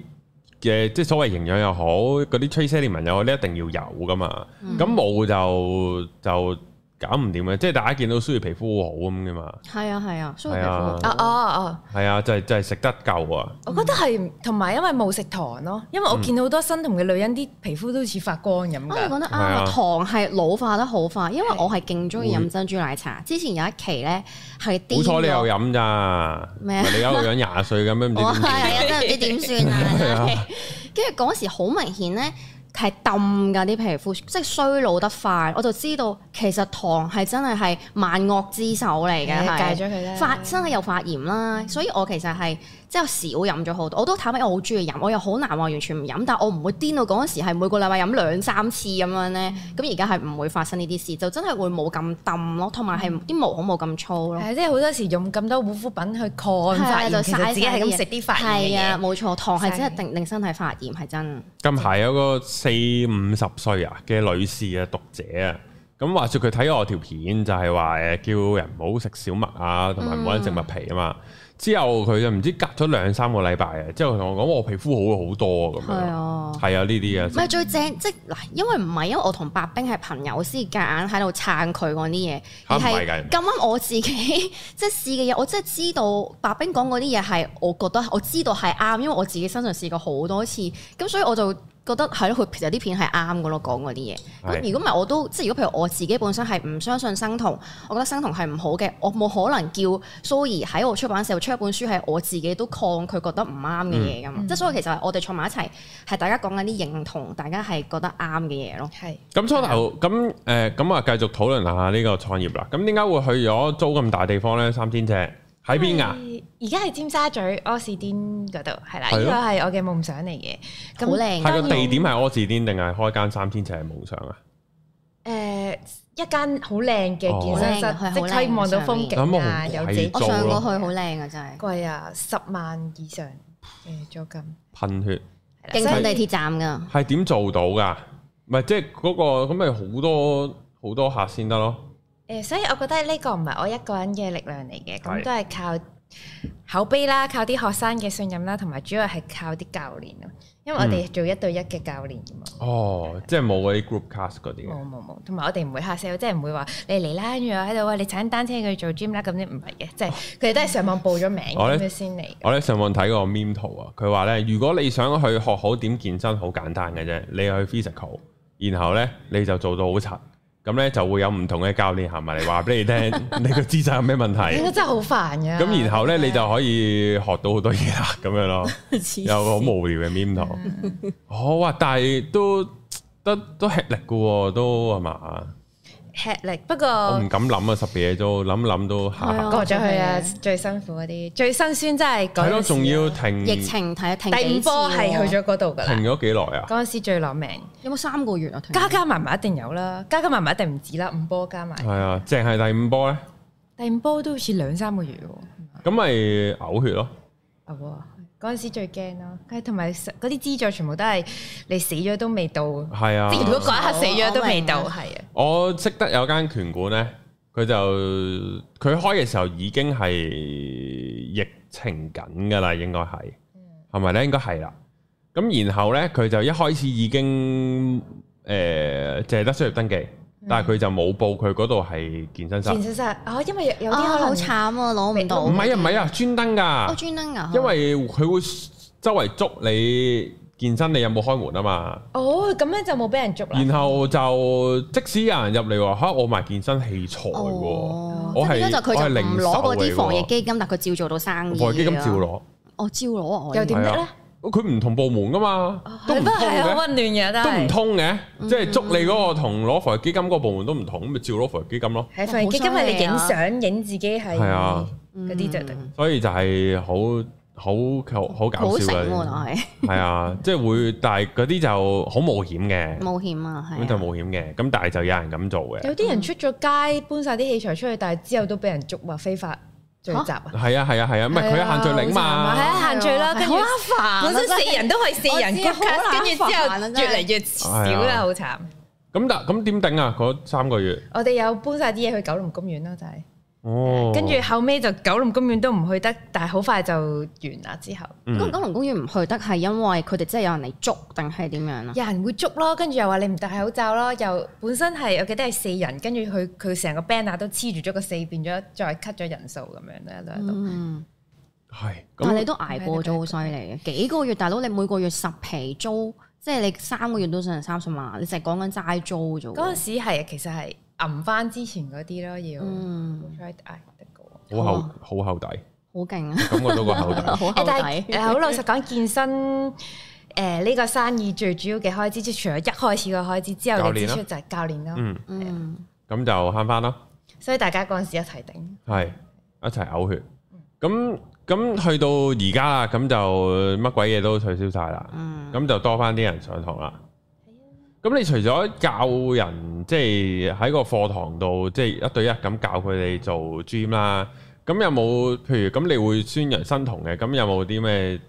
即係所謂營養又好，嗰啲 trace element 又好，你一定要有噶嘛，咁冇就就，就搞唔掂嘅，即係大家見到舒瑞皮膚好咁嘅嘛？係啊係啊，舒瑞皮膚啊啊啊，係啊，就係就係食得夠啊！我覺得係，同埋因為冇食糖咯，因為我見到好多新同嘅女人啲皮膚都好似發光咁。啊，我覺得啊，糖係老化得好快，因為我係勁中意飲珍珠奶茶。之前有一期咧係好彩，你又飲咋咩？你嗰個樣廿歲咁樣唔知點？唔知點算啊！跟住嗰時好明顯咧。係冧㗎啲皮膚，即係衰老得快，我就知道其實糖係真係係萬惡之首嚟嘅。的是戒咗佢啦，發真係有發炎啦，所以我其實係。即係少飲咗好多，我都坦白，我好中意飲，我又好難話完全唔飲，但係我唔會癲到嗰陣時係每個禮拜飲兩三次咁樣咧，咁而家係唔會發生呢啲事，就真係會冇咁揼咯，同埋係啲毛孔冇咁粗咯。係即係好多時用咁多護膚品去抗發炎，就其實自己係咁食啲發炎嘅嘢。係啊，冇錯，糖係真係定令身體發炎係真。的的近排有個四五十歲啊嘅女士啊讀者啊。咁話說佢睇我條片就係話誒叫人唔好食小麥啊，同埋唔好飲麥皮啊嘛，嗯。之後佢就唔知隔咗兩三個禮拜啊，之後同我講我皮膚好好多咁係，啊，樣。係啊，呢啲啊。唔係最正，即嗱，即係，因為唔係因為我同白兵係朋友先夾硬喺度撐佢講啲嘢，係咁啱我自己即係、即係、試嘅嘢，我真係知道白兵講嗰啲嘢係我覺得我知道係啱，因為我自己身上試過好多次，咁所以我就。覺得係咯，佢其實啲片係啱嘅咯，講嗰啲嘢。如果唔係，我都即係如果譬如我自己本身係唔相信生酮，我覺得生酮係唔好嘅，我冇可能叫 Zoe 喺我出版社出一本書係我自己都抗拒覺得唔啱嘅嘢㗎嘛。即係、嗯、所以其實我哋坐埋一齊係大家講緊啲認同，大家係覺得啱嘅嘢咯。係。咁初頭咁誒咁啊，繼續討論下呢個創業啦。咁點解會去咗租咁大地方咧？三千尺。喺邊噶？而家係尖沙咀柯士甸嗰度係啦，呢個係我嘅夢想嚟嘅，咁好靚。係個地點係柯士甸定係開間三千尺係夢想啊？誒，一間好靚嘅健身室，即刻望到風景啊！有我上過去好靚啊，真係貴啊，十萬以上誒租金。噴血，近地鐵站噶。係點做到噶？唔係即係嗰個咁咪好多好多客先得咯？誒，所以我覺得呢個唔係我一個人嘅力量嚟嘅，咁是都係靠口碑啦，靠啲學生嘅信任啦，同埋主要係靠啲教練啊。因為我哋做一對一嘅教練啊、嗯。哦，的即係冇嗰啲 group class 嗰啲。冇冇冇，同埋我哋唔會嚇死，即係唔會話你嚟啦，跟住我喺度話你踩單車去做 gym 啦，咁啲唔係嘅，即係佢哋都係上網報咗名咁先嚟。我哋上網睇個 meme 圖啊，佢話咧如果你想去學好點健身，好簡單嘅啫，你去 physical，然後咧你就做到好差。咁咧就會有唔同嘅教練行埋嚟話俾你聽， 你個姿勢有咩問題？應該 真係好煩嘅、啊。咁然後咧， 你就可以學到好多嘢啦，咁樣咯。有個好無聊嘅面堂。好話、 oh，但係都得都吃力嘅喎，都係嘛？吃力，不過我唔敢諗啊！十幾嘢都諗諗都下下過咗去啊！是的 最辛苦嗰啲，最辛酸真係係咯，仲、啊、要停疫情停，停、啊、第五波係去咗嗰度噶停咗幾耐啊？嗰陣時最攞命，有冇三個月啊？加加埋埋一定有啦，加加埋埋一定唔止啦，五波加埋係啊！淨係第五波咧，第五波都好似兩三個月喎。咁咪、嗯、嘔血咯？阿哥、啊。嗰陣時最驚咯，同埋嗰啲資助全部都係你死咗都未到，係啊！即係如果嗰一刻死咗都未到，係、oh, I 啊！我識得有間拳館咧，佢就佢開嘅時候已經係疫情緊㗎喇，應該係，係咪咧？應該係啦。咁然後咧，佢就一開始已經誒、呃、借得商業登記。但係佢就冇報，佢嗰度係健身室。健身室啊、哦，因為有啲好慘啊，攞唔到。唔係啊，唔係啊，專登㗎。哦，專登㗎。因為佢會周圍捉你健身，你有冇開門啊嘛？哦，咁樣就冇俾人捉啦。然後就即使有人入嚟話，我買健身器材喎，哦、我係我係零就佢就唔攞嗰啲防疫基金，但佢照做到生意。防疫基金照攞。我照攞啊，又點得咧？佢唔同部門㗎嘛，都唔通嘅，是是都唔是通嘅，嗯、即係捉你嗰個同攞法律基金嗰部門都唔同，咁咪照攞法律基金咯。喺法律基金，因為你影相影自己係嗰啲就是，所以就係好好好搞笑嘅，係但是 啊，即係會，但係嗰啲就好冒險嘅，冒險啊，咁、啊、就冒險嘅，咁但係就有人咁做嘅，有啲人出咗街、嗯、搬晒啲器材出去，但係之後都俾人捉話非法。聚集啊！係啊係啊係啊，唔係佢限聚令嘛，係限聚啦。好啦，煩啊！本身四人都係四人，跟住之後越嚟越少啊，好慘。咁但咁點頂啊？嗰三個月，我哋有搬晒啲嘢去九龍公園咯，就係。跟住、哦嗯、後尾就九龍公園都唔去得，但係好快就完啦。之後、嗯、九龍公園唔去得係因為佢哋真係有人嚟捉定係點樣啊？有人會捉咯，跟住又話你唔戴口罩咯，又本身係我記得係四人，跟住佢佢成個 banner 都黐住咗個四，變咗再 cut 咗人數咁樣咧，都係咁。嗯、但係你都捱過咗好犀利嘅幾個月，大佬你每個月十皮租，即係你三個月都成三十萬，你成日講緊齋租啫喎。嗰陣時係啊，其實係。揜翻之前嗰啲咯，要，好厚好厚底，好勁啊！咁我都個厚底，好厚底。誒，好老實講，健身誒呢個生意最主要嘅開支，即係除咗一開始嘅開支之後嘅支出就係教練咯。嗯，咁就慳翻咯。所以大家嗰陣時一齊頂，係一齊嘔血。咁咁去到而家啊，咁就乜鬼嘢都取消晒啦。嗯，咁就多翻啲人上堂啦。咁你除咗教人，即係喺個課堂度，即係一對一咁教佢哋做 gym 啦。咁有冇譬如咁，你會宣揚新銅嘅？咁有冇啲咩？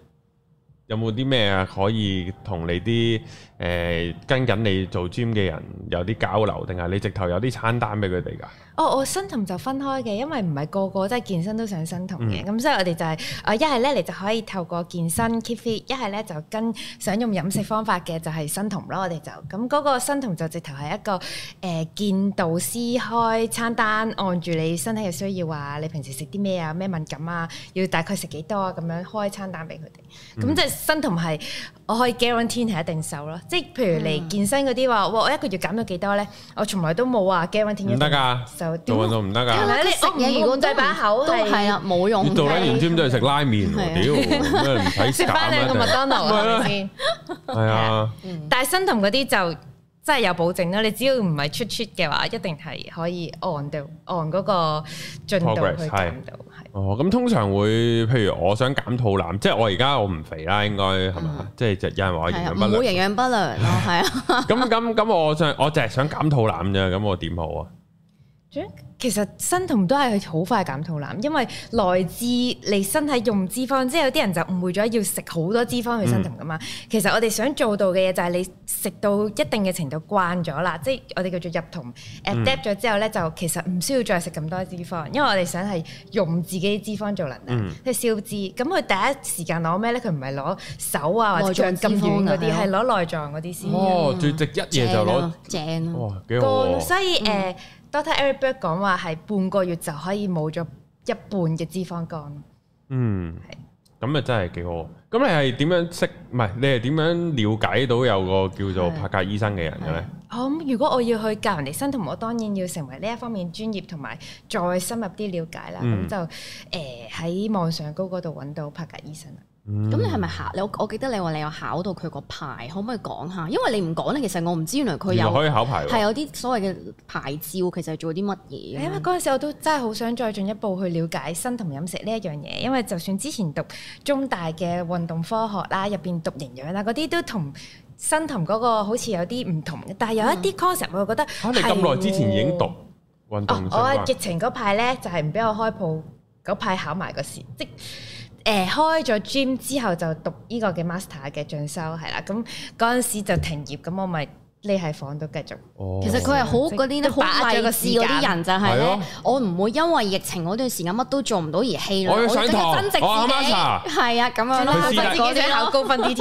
有冇啲咩啊？可以同你啲？誒跟緊你做 gym 嘅人有啲交流，定係你直頭有啲餐單俾佢哋㗎？哦，我新同就分開嘅，因為唔係個個真係健身都想新同嘅，咁所以我哋就係誒一係咧，你就可以透過健身 keep fit；一係咧就跟想用飲食方法嘅就係新同咯。我哋就咁嗰個新同就直頭係一個誒健導師開餐單，按住你身體嘅需要話，你平時食啲咩啊，咩敏感啊，要大概食幾多啊，咁樣開餐單俾佢哋。咁即係新同係我可以 guarantee 係一定瘦咯。即係譬如你健身嗰啲話，我一個月減咗幾多咧？我從來都冇話驚温天。唔得㗎，做運動唔得㗎。同埋你食嘢如果對把口都係啊，冇用。越做呢樣天都要食拉麵唔屌，食翻你個麥當勞啊，係啊。但係新同嗰啲就真係有保證啦，你只要唔係出出嘅話，一定係可以按到按嗰個進度去減到。哦，咁、嗯、通常會，譬如我想減肚腩，即係我而家我唔肥啦，應該係咪？嗯、即係有人話我營養不良，唔會、嗯、營養不良咯，係啊、哦。咁 我想我係想減肚腩啫，咁我點好啊？其實生酮都係好快減肚腩，因為來自你身體用脂肪。即係有啲人就誤會咗要食好多脂肪去生酮噶嘛。其實我哋想做到嘅嘢就係你食到一定嘅程度慣咗啦，即係我哋叫做入酮 adapt 咗之後咧，就其實唔需要再食咁多脂肪，因為我哋想係用自己脂肪做能量，即係消脂。咁、嗯、佢、嗯、第一時間攞咩咧？佢唔係攞手啊，或者咁遠嗰啲，係攞內臟嗰啲先。哦，最值一夜就攞正咯，哇，幾好、uh。所以誒。我聽 Eric Berg 講話係半個月就可以冇咗一半嘅脂肪肝，嗯，係咁啊，真係幾好。咁你係點樣識？唔係你係點樣了解到有個叫做帕格醫生嘅人嘅咧？哦，咁如果我要去教人哋身同，我當然要成為呢一方面專業，同埋再深入啲了解啦。咁就誒喺網上高嗰度揾到帕格醫生啦。咁、嗯、你係咪考？我我記得你話你有考到佢個牌，可唔可以講下？因為你唔講咧，其實我唔知原來佢有原來可以考牌，係有啲所謂嘅牌照，其實做啲乜嘢？因為嗰陣時我都真係好想再進一步去了解生酮飲食呢一樣嘢，因為就算之前讀中大嘅運動科學啦，入邊讀營養啦嗰啲都同生酮嗰個好似有啲唔同，但係有一啲 concept、嗯、我覺得、啊、你咁耐之前已經讀運動哦，我疫情嗰派咧就係唔俾我開鋪，嗰派考埋個時即。誒、欸、開咗 gym 之後就讀呢個嘅 master 嘅進修，係啦，咁嗰陣時就停業，咁我咪。你喺房度繼續，其實佢係好嗰啲咧，好壓住個時間嗰啲人就係咧，我唔會因為疫情嗰段時間乜都做唔到而氣餒，我真真正正係啊咁樣咯，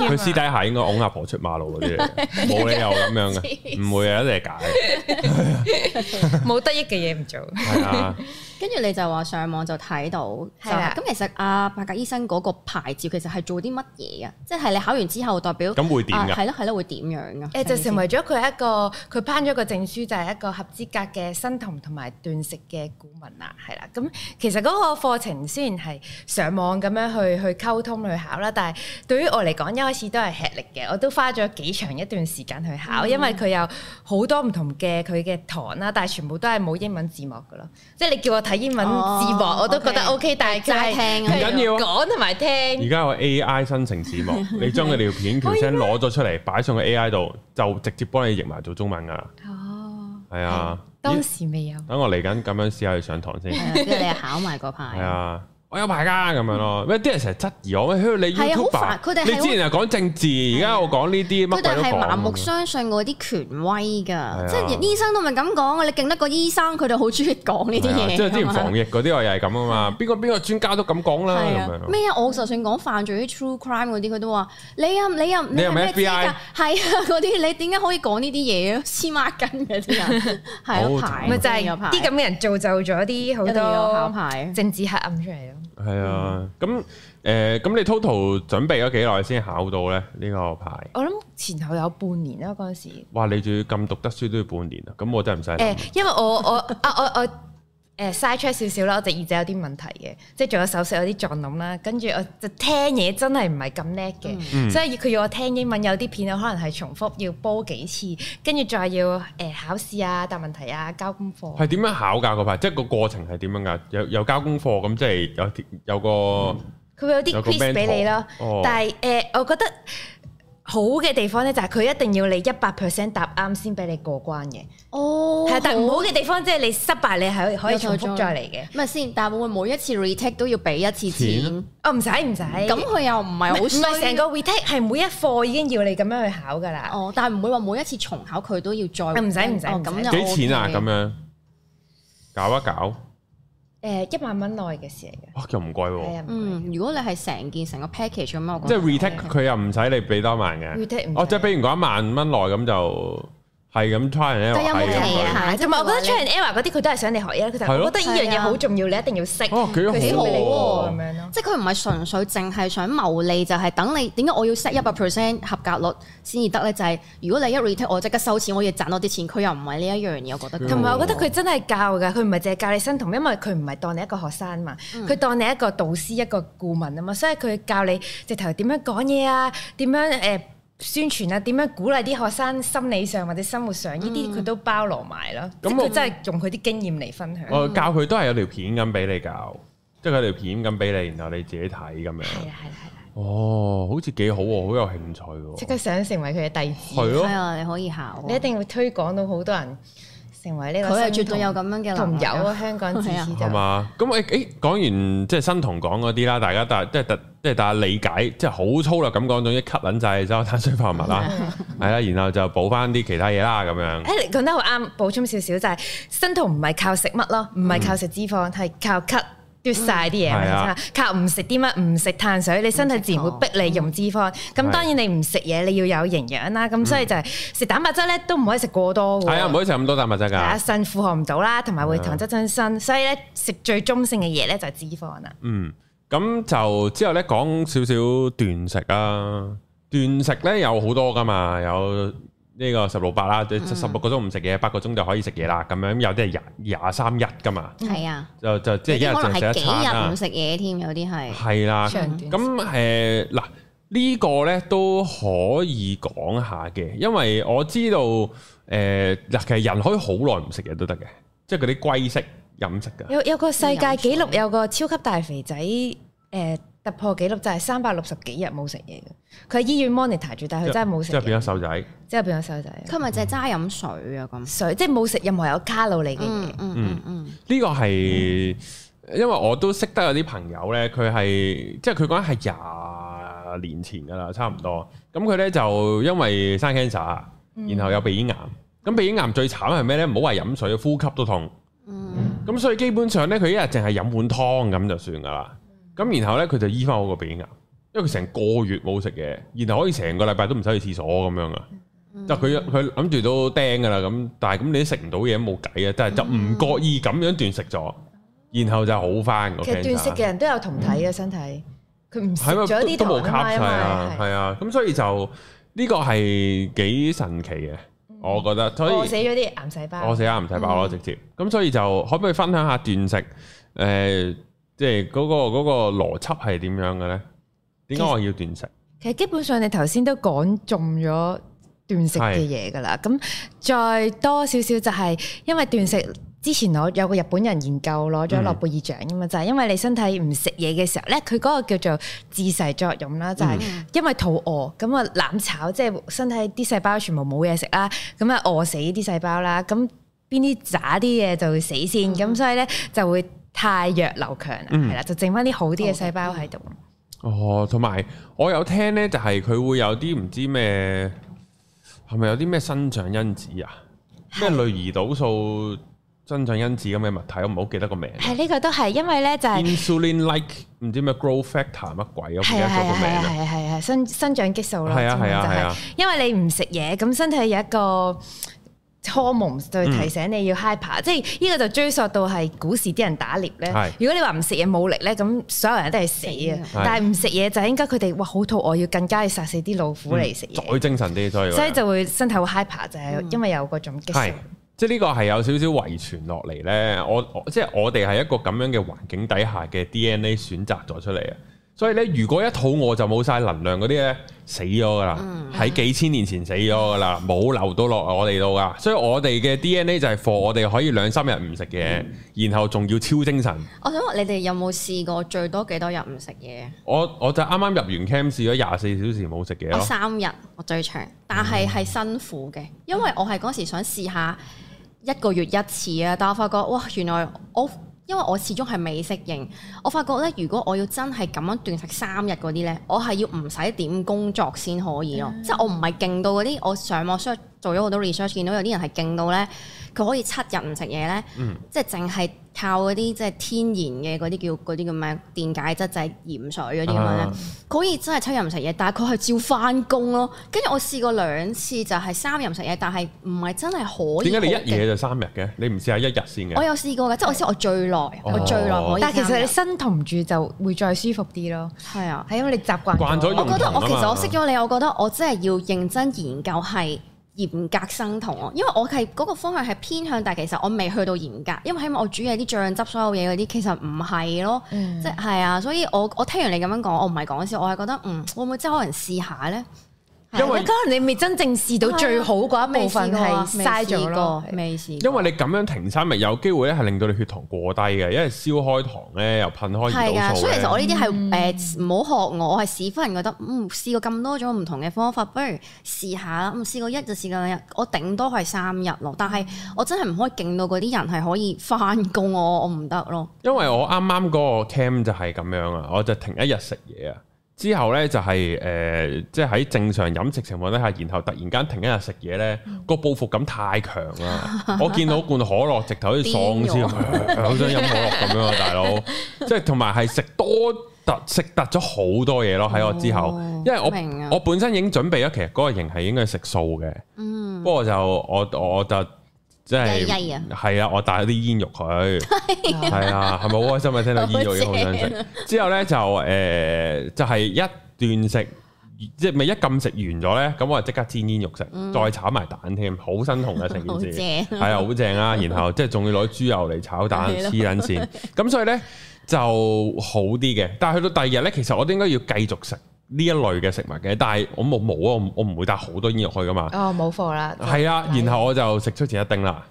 佢私底下應該㧬阿婆出馬路嗰啲嘢，冇理由咁樣嘅，唔會啊一嚟解，冇得益嘅嘢唔做。係，跟住你就話上網就睇到。咁其實阿伯格醫生嗰個牌照其實係做啲乜嘢啊？即係你考完之後代表咁會點㗎？係咯係咯，會點樣啊？誒就成為咗佢。係一個佢攤咗個證書，就係、是、一個合資格嘅生酮同埋斷食嘅顧問啦，係啦。咁其實嗰個課程雖然係上網咁樣去去溝通去考啦，但係對於我嚟講，一開始都係吃力嘅。我都花咗幾長一段時間去考，嗯、因為佢有好多唔同嘅佢嘅堂啦，但係全部都係冇英文字幕嘅咯。即係你叫我睇英文字幕，哦、我都覺得 OK，okay 但係齋聽。唔緊要。講同埋聽。而家有 AI 生成字幕， 你將佢條片條聲攞咗出嚟擺 上去 AI 度，就直接。幫你譯埋做中文㗎，哦，係啊，當時未有，等我嚟緊咁樣試下去上堂先， 啊，即係你考埋個牌，係 啊。有排噶咁樣咯，因啲人成日質疑我，你係好煩佢哋。你之前係講政治，而家我講呢啲，佢哋係盲目相信嗰啲權威㗎，即係醫生都唔係咁講，你勁得個醫生，佢哋好中意講呢啲嘢。即係之前防疫嗰啲我又係咁啊嘛，邊個邊個專家都咁講啦。咩啊？我就算講犯罪啲 true crime 嗰啲，佢都話你又你又你係咩 bi 㗎？係啊，嗰啲你點解可以講呢啲嘢啊？黐孖筋嘅啲人，係咪就係啲咁嘅人造就咗啲好多政治黑暗出嚟咯？係啊，咁誒，咁、呃、你 total 準備咗幾耐先考到咧？呢、呢個牌我諗前後有半年啦，嗰陣時。哇！你仲要咁讀得書都要半年啊？咁我真係唔使。誒、欸，因為我我啊我我。 啊我我誒嘥出少少啦，我隻耳仔有啲問題嘅，即係做咗手術有啲撞聾啦，跟住我就聽嘢真係唔係咁叻嘅，嗯、所以佢要我聽英文有啲片可能係重複要播幾次，跟住再要誒、呃、考試啊、答問題啊、交功課。係點樣考㗎嗰排？即係個過程係點樣㗎？有有交功課咁即係有有個佢會、嗯、有啲個 quiz 俾你咯，但係誒、哦呃、我覺得。好嘅地方咧，就係佢一定要你一百 percent 答啱先俾你過關嘅。哦，係，但唔好嘅地方即係你失敗，你係可以重複再嚟嘅。唔係先，但會唔會每一次 retake 都要俾一次錢？哦，唔使唔使。咁佢又唔係好，唔係成個 retake 係每一課已經要你咁樣去考㗎喇。哦，但係唔會話每一次重考佢都要再。唔使唔使，咁就幾錢啊？咁樣搞一搞。誒、呃、一萬蚊內嘅事嚟嘅，哇又唔貴喎、啊。嗯，如果你係成件成個 package 咁樣，即係 retake 佢又唔使你俾多萬嘅。retake 哦，即係比如講一萬蚊內咁就。係咁 training 有冇其他？同埋我覺得出 training 嗰啲佢都係想你學嘢，佢就覺得呢樣嘢好重要，啊、你一定要識。哦，幾好，啊、好，幾好喎、哦！即係佢唔係純粹淨係想牟利，就係、係、等你點解我要 set 一百 percent 合格率先至得咧？就係、係、如果你一 retake，我即刻收錢，我要賺多啲錢。佢又唔係呢一樣嘢，我覺得。同埋我覺得佢真係教㗎，佢唔係淨係教你申同，因為佢唔係當你一個學生嘛，佢當你一個導師、一個顧問啊嘛，所以佢教你直頭點樣講嘢啊，點樣誒。呃嗯宣傳啊，點樣鼓勵啲學生，心理上或者生活上呢啲佢都包羅埋咯，咁佢、嗯、真係用佢啲經驗嚟分享。嗯、教佢都係有條片咁俾你教，即係佢條片咁俾你，然後你自己睇咁樣。係啦、係啦、係啦，哦，好似幾好，好有興趣喎。即刻想成為佢嘅弟子，係啊的，你可以考。你一定會推廣到好多人。佢係絕對有咁樣嘅理由，香港人支持就係嘛。咁誒誒，講、啊啊嗯欸、完即係新同講嗰啲啦，大家大即係特即係大家理解，即係好粗略咁講，總之 cut 撚晒所有碳水化合物啦，係啦、嗯嗯，然後就補翻啲其他嘢啦咁樣。你講、欸、得好啱，補充少少就係新同唔係靠食乜咯，唔係靠食脂肪，係靠 cut。缺曬啲嘢啦，靠唔食啲乜，唔食碳水，你身體自然會逼你用脂肪。咁、嗯、當然你唔食嘢，你要有營養啦。咁、嗯、所以就係食蛋白質咧，都唔可以食過多。係啊，唔可以食咁多蛋白質㗎。個腎負荷唔到啦，同埋會糖質增生。的所以咧，食最中性嘅嘢咧就係脂肪啦。嗯，咁就之後咧講少少斷食啊，斷食咧有好多噶嘛，有。呢個十六八啦，十六個鐘唔食嘢，嗯、八個鐘就可以食嘢啦。咁樣有啲係廿廿三日噶嘛，係啊，就就即係一日就食一餐啦，可能係幾日唔食嘢添，有啲係。係啦，咁誒嗱呢個咧都可以講下嘅，因為我知道誒嗱、呃、其實人可以好耐唔食嘢都得嘅，即係嗰啲龜式飲食噶。有有個世界紀錄，有個超級大肥仔誒。呃突破紀錄就係三百六十幾日冇食嘢嘅，佢喺醫院 monitor 住，但係佢真係冇食，即係變咗瘦仔，即係變咗瘦仔。佢咪、嗯、淨係齋飲水啊咁，水即係冇食任何有卡路里嘅嘢、嗯。嗯嗯嗯，呢、嗯嗯、個係因為我都識得有啲朋友咧，佢係即係佢講係廿年前噶啦，差唔多。咁佢咧就因為生 cancer，然後有鼻咽癌。咁、嗯、鼻咽癌最慘係咩咧？唔好話飲水，呼吸都痛。嗯，咁、嗯、所以基本上咧，佢一日淨係飲碗湯咁就算噶啦。咁然後咧，佢就醫翻我個鼻咽癌，因為佢成個月冇食嘢，然後可以成個禮拜都唔使去廁所咁樣啊！就佢佢諗住都釘噶啦咁，但係咁你都食唔到嘢冇計啊！但係就唔覺意咁樣斷食咗，然後就好翻。其實斷食嘅人都有同體嘅身體，佢唔食咗啲癌細胞啊嘛，係啊，咁所以就呢個係幾神奇嘅，我覺得。所以死咗啲癌細胞，我死咗癌細胞咯，直接。咁所以就可唔可以分享下斷食？誒。即係嗰、那個嗰、那個邏輯係點樣嘅咧？點解我要斷食？其實基本上你頭先都講中咗斷食嘅嘢噶啦。咁是再多少少就係因為斷食之前我有個日本人研究攞咗諾貝爾獎噶嘛，嗯、就係因為你身體唔食嘢嘅時候咧，佢嗰個叫做自噬作用啦，就係、是、因為肚餓咁啊，攬炒即係身體啲細胞全部冇嘢食啦，咁啊餓死啲細胞啦，咁邊啲渣啲嘢就會先死先，咁、嗯、所以咧就會。太弱留強啦，係啦、嗯，就剩翻啲好啲嘅細胞喺度。哦，同埋我有聽咧，就係佢會有啲唔知咩，係咪有啲咩生長因子啊？咩類胰島素生長因子咁嘅物體，我唔好記得個名。係呢個都係因為咧，就係 insulin-like 唔知咩 growth factor 乜鬼，我唔記得咗個名啦。係係係係係生生長激素咯。係啊係啊係啊，啊啊因為你唔食嘢，咁身體有一個。荷蒙就提醒你要 hyper，、嗯、即係呢、這個就追溯到係古時啲人打獵咧。是如果你話唔食嘢冇力咧，咁所有人都係死啊。死的但係唔食嘢就係應該佢哋哇好肚餓，要更加去殺死啲老虎嚟食嘢、嗯。再精神啲，所以所以就會身體會 hyper 就係、是、因為有嗰種激。係、嗯，即係呢個係有少少遺傳落嚟咧。我，我即係我哋係一個咁樣嘅環境底下嘅 DNA 選擇咗出嚟啊。所以咧，如果一肚餓就冇晒能量嗰啲咧，死咗噶啦，喺、嗯、幾千年前死咗噶啦，冇、嗯、留到落我哋到噶。所以我哋嘅 DNA 就係貨，我哋可以兩三日唔食嘢，嗯、然後仲要超精神。我想問你哋有冇試過最多幾多日唔食嘢？我我就啱啱入完 camp 試咗廿四小時冇食嘢。我三日我最長，但係係辛苦嘅，嗯、因為我係嗰時想試下一個月一次啊，但我發覺哇，原來我。因為我始終係未適應，我發覺咧，如果我要真係咁樣斷食三日嗰啲咧，我係要唔使點工作先可以咯，嗯、即係我唔係勁到嗰啲，我上網 search 做咗好多 research，見到有啲人係勁到咧。佢可以七日唔食嘢咧，嗯、即係淨係靠嗰啲即係天然嘅嗰啲叫嗰啲叫咩電解質仔、就係、鹽水嗰啲咁樣咧。佢、啊、可以真係七日唔食嘢，但係佢係照翻工咯。跟住我試過兩次就係、係、三日唔食嘢，但係唔係真係可以好。點解你一夜就三日嘅？你唔試下一日先嘅？我有試過㗎，即係是我識我最耐，哦、我最耐可以。但係其實你身同住就會再舒服啲咯。係啊，係因為你習慣習慣咗用。我覺得我其實我識咗你，我覺得我真係要認真研究係。嚴格生酮哦，因為我係嗰個方向係偏向，但係其實我未去到嚴格，因為起碼我煮嘢啲醬汁、所有嘢嗰啲其實唔係咯，嗯、即係啊，所以我我聽完你咁樣講，我唔係講笑，我係覺得嗯會唔會真係可能試下呢？」因為可能你未真正試到最好嗰一部分係嘥咗咯，未試。試過。因為你咁樣停三日，有機會咧，係令到你血糖過低嘅，因為燒開糖咧又噴開胰島素。係啊，所以其實我呢啲係誒唔好學我，我係試番人覺得，嗯，試過咁多種唔同嘅方法，不如試下啦。嗯，試過一就試過兩日，我頂多係三日咯。但係我真係唔可以勁到嗰啲人係可以翻工，我我唔得咯。因為我啱啱嗰個 cam 就係咁樣啊，我就停一日食嘢啊。之後呢，就係誒，即係喺正常飲食情況底下，然後突然間停一日食嘢，呢個報復感太強啦！我見到罐可樂直頭好似喪屍咁，好了、哎、想飲可樂咁樣啊，大佬！即係同埋係食多突食突咗好多嘢咯，喺我之後，嗯、因為我我本身已經準備咗，其實嗰個型係應該食素嘅，不過就我我就。我我就即係，係啊！我帶咗啲煙肉佢，係 啊，係咪好開心啊？聽到煙肉已經好想食，啊。之後呢，就誒、呃，就係、是、一段食，即係咪一咁食完咗呢，咁我就即刻煎煙肉食，嗯，再炒埋蛋添，好新紅嘅食完之後，係啊，好正啊，啊！然後即係仲要攞豬油嚟炒蛋，黐捻線。咁喲所以呢，就好啲嘅。但係去到第二日呢，其實我都應該要繼續食。呢一類嘅食物嘅，但係我冇冇、哦、啊！我唔會帶好多煙肉去噶嘛。哦，冇貨啦。係啊，然後我就食出前一丁啦。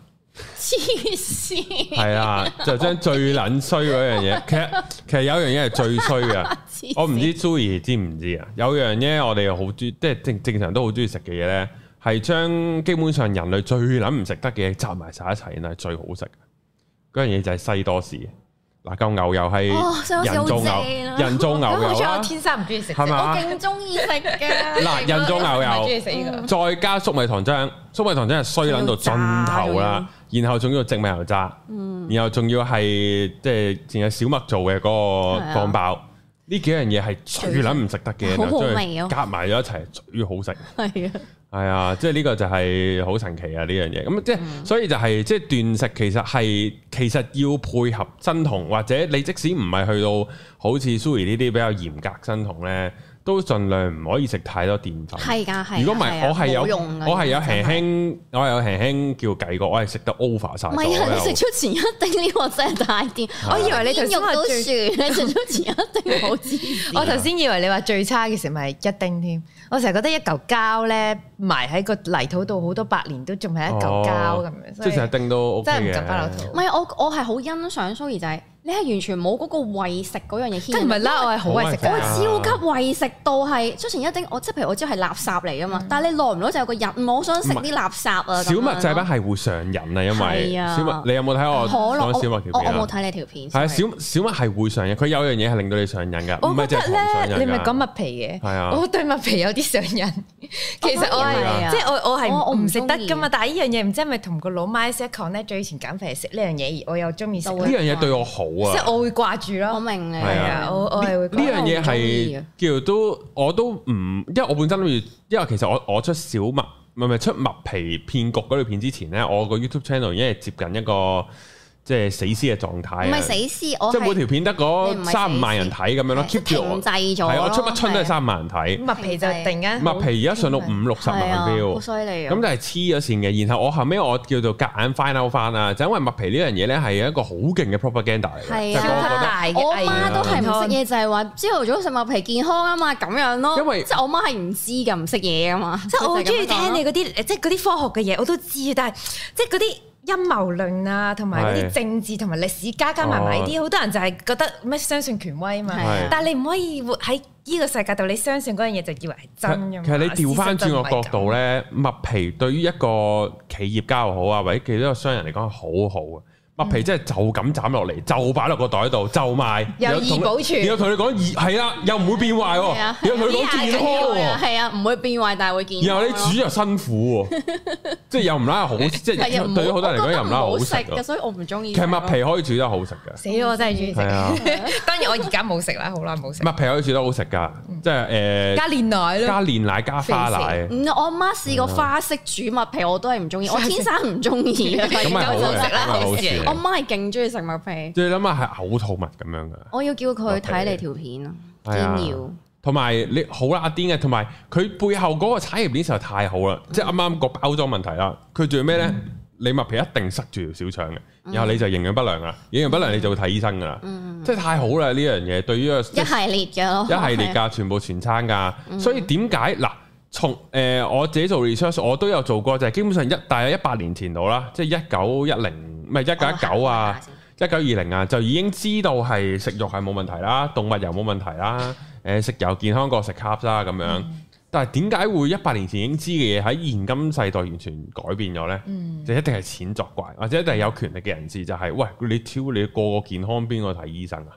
黐線。係 啊，就將最撚衰嗰樣嘢。其實其實有樣嘢係最衰嘅。我唔知 Zoe 知唔知啊？有樣嘢我哋又好中，即係正正常都好中意食嘅嘢咧，係將基本上人類最撚唔食得嘅嘢集埋晒一齊，然後係最好食嘅。嗰樣嘢就係西多士。嗱，嚿牛油係人造牛，人造牛油我天生唔中意食，我勁中意食嘅。嗱，人造牛油，中意食再加粟米糖漿，粟米糖漿係衰捻到盡頭啦。然後仲要植物油渣，然後仲要係即係淨係小麥做嘅個放爆。呢幾樣嘢係，最捻唔食得嘅，加埋咗一齊，屬於好食。係啊。係啊，即係呢個就係好神奇啊！呢樣嘢咁，即係所以就係，即係斷食其實係，其實要配合生酮，或者你即使唔係去到好似 Sui 呢啲比較嚴格生酮咧。都儘量唔可以食太多澱粉。係㗎，係。如果唔係，我係有用。我係有輕輕，我有輕輕叫計過，我係食得 over 曬咗。唔係呀，你食咗前一丁呢個真係大啲。我以為你食肉，都你食咗前一丁。冇字。我頭先以為你話最差嘅時咪一丁添，我成日覺得一嚿膠咧，埋喺個泥土度，好多百年都仲係一嚿膠咁樣。即係成日定到真係唔敢翻，老唔係，我我係好欣賞蘇怡仔。你係完全冇嗰個餵食嗰樣嘢，跟唔係啦？我係好餵食，我超級餵食到係出前一丁，我即係譬如我知係垃圾嚟㗎嘛。但係你耐唔耐就有個癮，我想食啲垃圾啊！小麥製品係會上癮啊，因為小麥，你有冇睇我講小麥條片啊？我冇睇你條片。係啊，小小麥係會上癮，佢有樣嘢係令到你上癮㗎。我覺得咧，你咪講麥皮嘅，我對麥皮有啲上癮。其實我係即係我我係我唔食得㗎嘛。但係呢樣嘢唔知係咪同個老媽一齊講咧？最以前減肥係食呢樣嘢，而我又中意食呢樣嘢，對我好。即係我會掛住咯的，我明你係啊，我我係會。呢樣嘢係叫做都我都唔，因為我本身諗住，因為其實我我出小麥，唔係唔係出麥皮騙局嗰條片之前咧，我個 YouTube channel 已經係接近一個。即係死屍嘅狀態。唔係死屍，我即係每條片得嗰三五萬人睇咁樣咯，keep 住。控制咗。係我出一出都係三萬人睇。麥皮就突然間。麥皮而家上到五六十萬標。好犀利。咁就係黐咗線嘅，然後我後尾我叫做夾硬 fire out 翻啊，就因為麥皮呢樣嘢咧係一個好勁嘅 propaganda 嚟嘅。係啊，超大嘅。我媽都係唔識嘢，就係話朝頭早食麥皮健康啊嘛，咁樣咯。因為即係我媽係唔知嘅，唔識嘢啊嘛。即係我好中意聽你嗰啲，即係嗰啲科學嘅嘢我都知，但係即係嗰啲。陰謀論啊，同埋啲政治同埋歷史是加加埋埋啲，好、哦、多人就係覺得咩相信權威啊嘛。啊但係你唔可以活喺呢個世界度，你相信嗰樣嘢就以為係真㗎嘛。其實你調翻轉個角度咧，麥皮對於一個企業家又好啊，或者其他嘅商人嚟講係好好啊。麥皮即係就咁斬落嚟，就擺落個袋度，就賣，又易保存。又同你講易係啊，又唔會變壞喎。又同你講健康喎，係啊，唔會變壞，但係會健康。然後你煮又辛苦，即係又唔拉好，即係對於好多人嚟講又唔拉好食嘅，所以我唔中意。其實麥皮可以煮得好食嘅，死我真係中意食。當然我而家冇食啦，好耐冇食。麥皮可以煮得好食噶，即係誒加煉奶加煉奶加花奶。我阿媽試過花式煮麥皮，我都係唔中意，我天生唔中意咁啊，食啦。我媽係勁中意食麥皮，最諗下係嘔吐物咁樣噶。我要叫佢睇你條片咯，丁同埋你好啦，阿丁嘅同埋佢背後嗰個產業鏈實在太好啦，即係啱啱個包裝問題啦。佢仲要咩呢？你麥皮一定塞住條小腸嘅，然後你就營養不良啦，營養不良你就會睇醫生噶啦。即係太好啦呢樣嘢，對於一系列嘅咯，一系列噶全部全餐噶。所以點解嗱？從誒我自己做 research，我都有做過就係基本上一大約一百年前度啦，即係一九一零。唔係一九一九啊，一九二零啊，1920，就已經知道係食肉係冇問題啦，動物又冇問題啦，誒食油健康過食 carb 啦咁樣。嗯、但係點解會一百年前已經知嘅嘢喺現今世代完全改變咗呢？嗯、就一定係錢作怪，或者一定係有權力嘅人士就係、是，喂你挑你個個健康邊個睇醫生啊？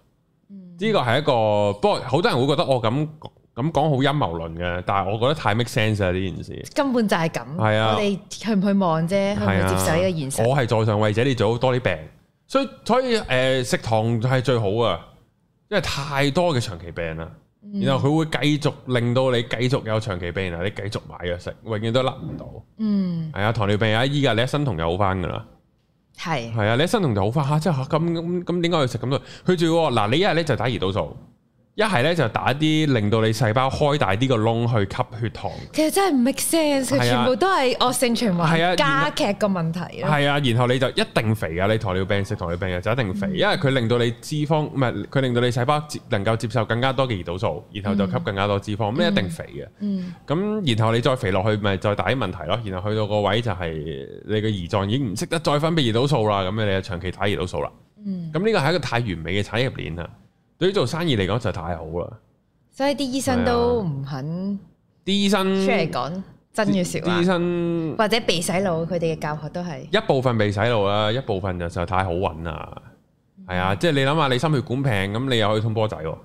呢個係一個，不過好多人會覺得我噉、哦咁講好陰謀論嘅，但係我覺得太 make sense 啦呢件事。根本就係咁。係啊，我哋去唔去望啫？啊、去唔去接受呢個現實？我係在上位者，你做好多啲病，所以所以誒、呃，食糖就係最好啊，因為太多嘅長期病啦。嗯、然後佢會繼續令到你繼續有長期病啊，你繼續買藥食，永遠都甩唔到。嗯。係啊，糖尿病啊，依家你一生痛又好翻㗎啦。係是。係啊，你一生痛就好翻，即係嚇咁咁點解要食咁多？佢仲嗱你一日咧就打胰島素。他住一係咧就打啲令到你細胞開大啲個窿去吸血糖，其實真係唔 make sense，全部都係惡性循環，加劇個問題。係後啊，然後你就一定肥啊，你糖尿病食糖尿病嘅就一定肥，嗯、因為佢令到你脂肪唔係佢令到你細胞接、呃、能夠接受更加多嘅胰島素，嗯、然後就吸更加多脂肪，咁、嗯、一定肥嘅。咁、嗯、然後你再肥落去咪再打啲問題咯，然後去到個位就係你個胰臟已經唔識得再分泌胰島素啦，咁樣你就長期打胰島素啦。咁呢、嗯、個係一個太完美嘅產業鏈啊。對於做生意嚟講就太好啦，所以啲醫生都唔肯、啊。啲醫生出嚟講真嘅説話。醫生或者被洗腦，佢哋嘅教學都係一部分被洗腦啦，一部分就實在太好揾啦。係啊，嗯、即係你諗下，你心血管病咁，你又可以通波仔喎。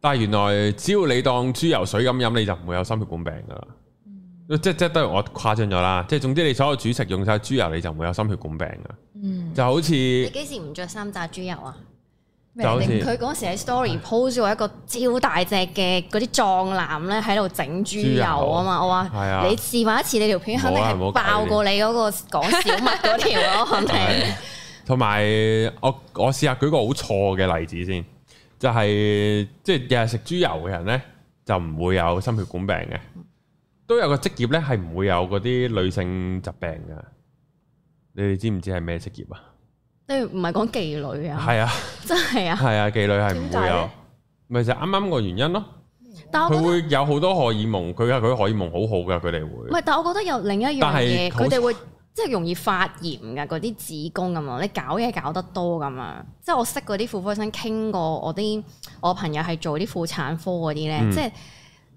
但係原來只要你當豬油水咁飲，你就唔會有心血管病㗎啦。嗯。即即都係我誇張咗啦。即係總之，你所有主食用晒豬油，你就唔會有心血管病㗎。嗯。就好似你幾時唔着三炸豬油啊？佢嗰時喺 story post 咗一個超大隻嘅嗰啲壯男咧，喺度整豬油啊嘛，豬油我話：你試埋一次你、啊，你條片肯定爆過你嗰個講小麥嗰條咯。同埋我我試下舉個好錯嘅例子先，就係即係日日食豬油嘅人咧，就唔、是、會有心血管病嘅，都有個職業咧係唔會有嗰啲女性疾病嘅。你哋知唔知係咩職業啊？即你唔係講妓女啊？係啊，真係啊，係啊，妓女係唔會有，咪就啱啱個原因咯。佢會有好多荷爾蒙，佢係佢荷爾蒙好好嘅，佢哋會。唔係，但我覺得有另一樣嘢，佢哋是會 即係容易發炎嘅嗰啲子宮咁嘛。你搞嘢搞得多咁啊，即係我識嗰啲婦科醫生傾過我，我啲我朋友係做啲婦產科嗰啲咧，嗯、即係。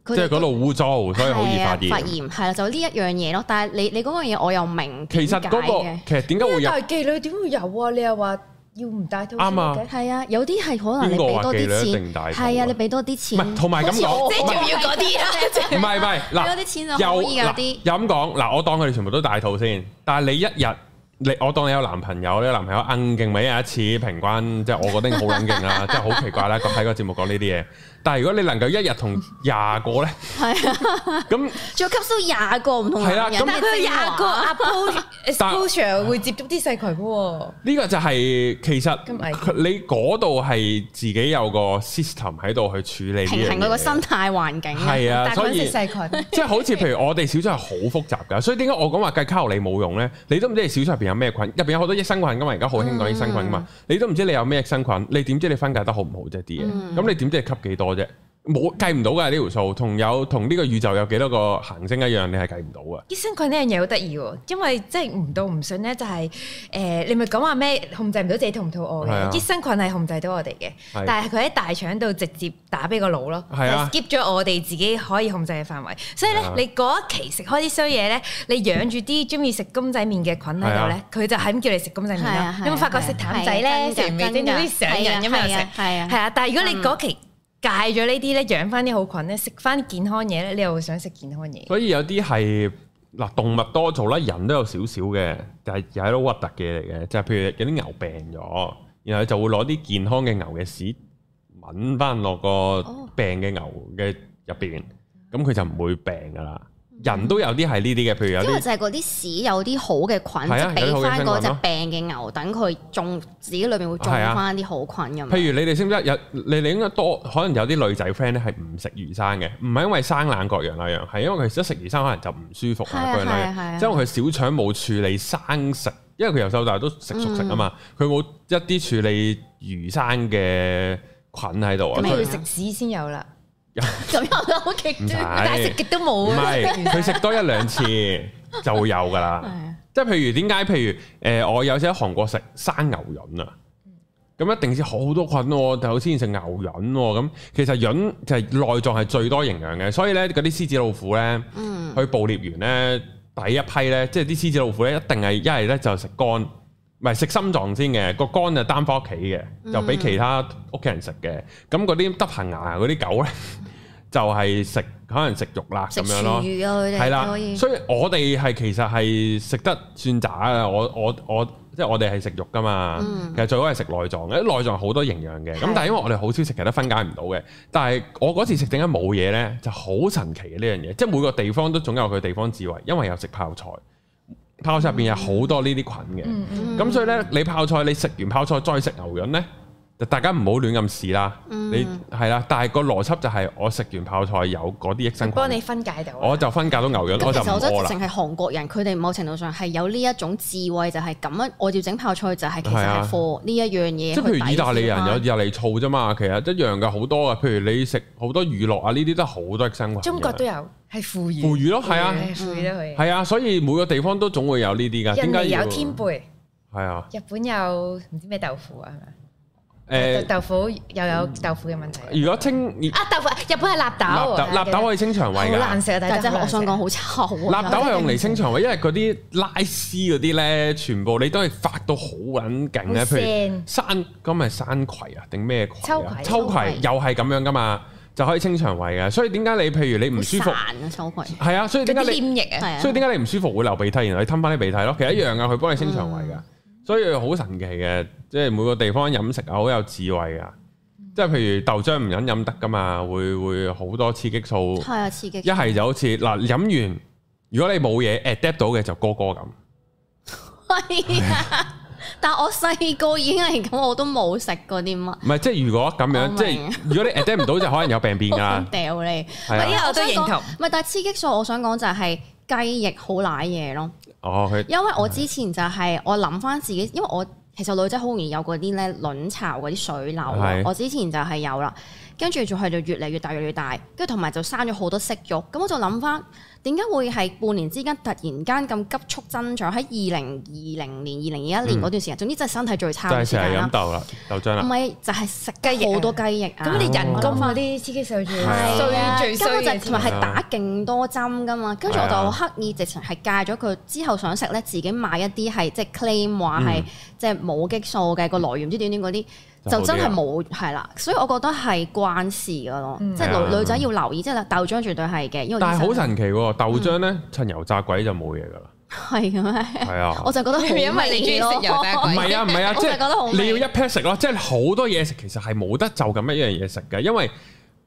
即係嗰度污糟，所以好易發炎。發炎係啦，就呢一樣嘢咯。但係你你樣嘢，我又明。其實嗰個其實點解會有？但係妓女點會有啊？你又話要唔帶套？啱啊。係啊，有啲係可能你俾多啲錢。邊個妓女定帶套？係啊，你俾多啲錢。同埋咁講，即係仲要嗰啲。唔係唔係嗱，有啲，又咁講嗱，我當佢哋全部都帶套先。但係你一日，你、我當你有男朋友，你男朋友硬勁，咪有一次平均，即係我覺得好冷勁啊，即係好奇怪啦，喺個節目講呢啲嘢。但如果你能夠一日同廿個咧，係啊，咁仲要吸收廿個唔同，係啊，咁佢廿個 exposure 會接觸啲細菌嘅喎、哦。呢個就係、是、其實你嗰度係自己有個 system 喺度去處理平衡佢個生態環境啊。係啊，所以細菌即係 好似譬如我哋小腸係好複雜㗎，所以點解我講話計卡路里冇用咧？你都唔知你小腸入邊有咩菌，入邊有好多益生菌㗎嘛，而家好興講益生菌㗎嘛。嗯、你都唔知你有咩益生菌，你點知你分解得好唔好啫啲嘢？咁、嗯、你點知係吸幾多？啫，冇計唔到噶呢條數，同有同呢個宇宙有幾多個行星一樣，你係計唔到嘅。益生菌呢樣嘢好得意，因為即係唔到唔信咧，就係誒，你咪講話咩控制唔到自己肚唔肚餓嘅，益生菌係控制到我哋嘅，但係佢喺大腸度直接打俾個腦咯，skip 咗我哋自己可以控制嘅範圍。所以咧，你嗰一期食開啲衰嘢咧，你養住啲中意食公仔麵嘅菌喺度咧，佢就係咁叫你食公仔麵咯。有冇發覺食淡仔咧食面啲咁啲醒人咁樣食？係啊，係啊，但係如果你嗰期戒咗呢啲咧，養翻啲好菌咧，食翻啲健康嘢咧，你又會想食健康嘢。所以有啲係嗱動物多做數啦，人都有少少嘅，就係又係一啲核突嘅嘢嚟嘅，就係、是、譬如有啲牛病咗，然後就會攞啲健康嘅牛嘅屎揾翻落個病嘅牛嘅入邊，咁佢、哦、就唔會病噶啦。人都有啲係呢啲嘅，譬如有因為就係嗰啲屎有啲好嘅菌，即係俾翻嗰隻病嘅牛等佢種自己裏面會種翻啲好菌嘅、啊。譬如你哋知唔知有你哋應該多可能有啲女仔 friend 咧係唔食魚生嘅，唔係因為生冷各樣那樣，係因為佢食魚生可能就唔舒服啊各即係佢小腸冇處理生食，因為佢由細到大都食熟食啊嘛，佢冇、嗯、一啲處理魚生嘅菌喺度啊，嗯、所以食屎先有啦。咁 又好奇用都好極，但係食極都冇。唔係是，佢食多一兩次就會有噶啦。 是啊、即係譬如點解？譬如誒、呃，我有時喺韓國食生牛潤啊，咁一定知好多菌哦。但係我食牛潤，咁其實潤就係內臟係最多營養嘅，所以咧嗰啲獅子老虎咧，嗯，去捕獵完咧，嗯、第一批咧，即係啲獅子老虎咧，一定係一係咧就食肝。唔係食心臟先嘅，個肝就擔返屋企嘅，就俾其他屋企人食嘅。咁嗰啲得棚牙嗰啲狗咧，就係、是、食可能食肉啦咁、嗯、樣咯。係啦、啊，的以所以我哋係其實係食得算渣啊！我我我即係、就是、我哋係食肉噶嘛。嗯、其實最好係食內臟嘅，內臟好多營養嘅。咁的但係因為我哋好少食，其實都分解唔到嘅。但係我嗰次食點解冇嘢咧？就好神奇嘅呢樣嘢，即係每個地方都總有佢地方智慧，因為有食泡菜。泡菜入面有好多呢啲菌嘅，咁、嗯嗯、所以咧，你泡菜你食完泡菜再食牛潤咧？大家唔好亂咁試啦，你係啦，但係個邏輯就係我食完泡菜有嗰啲益生菌，幫你分解到，我就分解到牛肉，我就冇屙啦。其實都淨係韓國人，佢哋某程度上係有呢一種智慧，就係咁樣我哋整泡菜就係其實係貨呢一樣嘢。即係譬如意大利人有日嚟醋啫嘛，其實一樣嘅好多嘅。譬如你食好多魚肉啊，呢啲都好多益生菌。中國都有係腐乳，腐乳咯，係啊，係腐乳得佢。係啊，所以每個地方都總會有呢啲㗎。點解要？有天貝，係啊，日本有唔知咩豆腐啊。誒豆腐又有豆腐嘅問題。如果清啊豆腐，日本係納豆。納豆可以清腸胃。好難食，但係真係我想講好臭。納豆係用嚟清腸胃，因為嗰啲拉絲嗰啲咧，全部你都係發到好緊勁咧。譬如山，咁係山葵啊定咩葵？秋葵。秋葵又係咁樣噶嘛，就可以清腸胃嘅。所以點解你譬如你唔舒服？唔啊秋葵係啊，所以點解你？佢黏液啊。所以點解你唔舒服會流鼻涕，然後你吞翻啲鼻涕咯？其實一樣噶，佢幫你清腸胃㗎。所以好神奇嘅，即係每個地方飲食啊，好有智慧啊！即係譬如豆漿唔飲飲得噶嘛，會會好多刺激素，係、啊、刺激。一係就好似嗱，飲完如果你冇嘢 adapt 到嘅就歌歌咁。係、啊啊、但我細個已經係咁，我都冇食過啲乜。唔係，即係如果咁樣，即係如果你 adapt 唔到，就可能有病變噶。掉 你，係啊，我，我都認同唔係，但係刺激素，我想講就係雞翼好瀨嘢咯。哦、因為我之前就係、是嗯、我諗翻自己，因為我其實女仔好容易有嗰啲咧卵巢嗰啲水瘤啊，嗯、我之前就係有啦。跟住仲係就越嚟越大越嚟越大，跟住同埋就生咗好多息肉。咁我就諗翻，點解會係半年之間突然間咁急速增長？喺二零二零年、二零二一年嗰段時間，總之真係身體最差、嗯、就係飲豆啦，豆漿啦、啊。唔係，就係食雞翼，好多雞翼啊！咁你、嗯啊、人工啊，啲飼雞水最衰、就是、最衰，跟住就同埋係打勁多針噶嘛。跟住、啊、我就刻意，直情係戒咗佢。之後想食咧，自己買一啲係即係 claim 話係即係冇激素嘅、個來源唔知點點嗰啲。嗯就真係冇係啦，所以我覺得係關事噶咯，嗯、即係女女仔要留意，即係豆漿絕對係嘅，因為但係好神奇喎，豆漿咧、嗯、趁油炸鬼就冇嘢噶啦，係嘅咩？係啊，我就覺得好唔係啊，唔係啊，即係你要一 pair 食咯，即係好多嘢食其實係冇得就咁一樣嘢食嘅，因為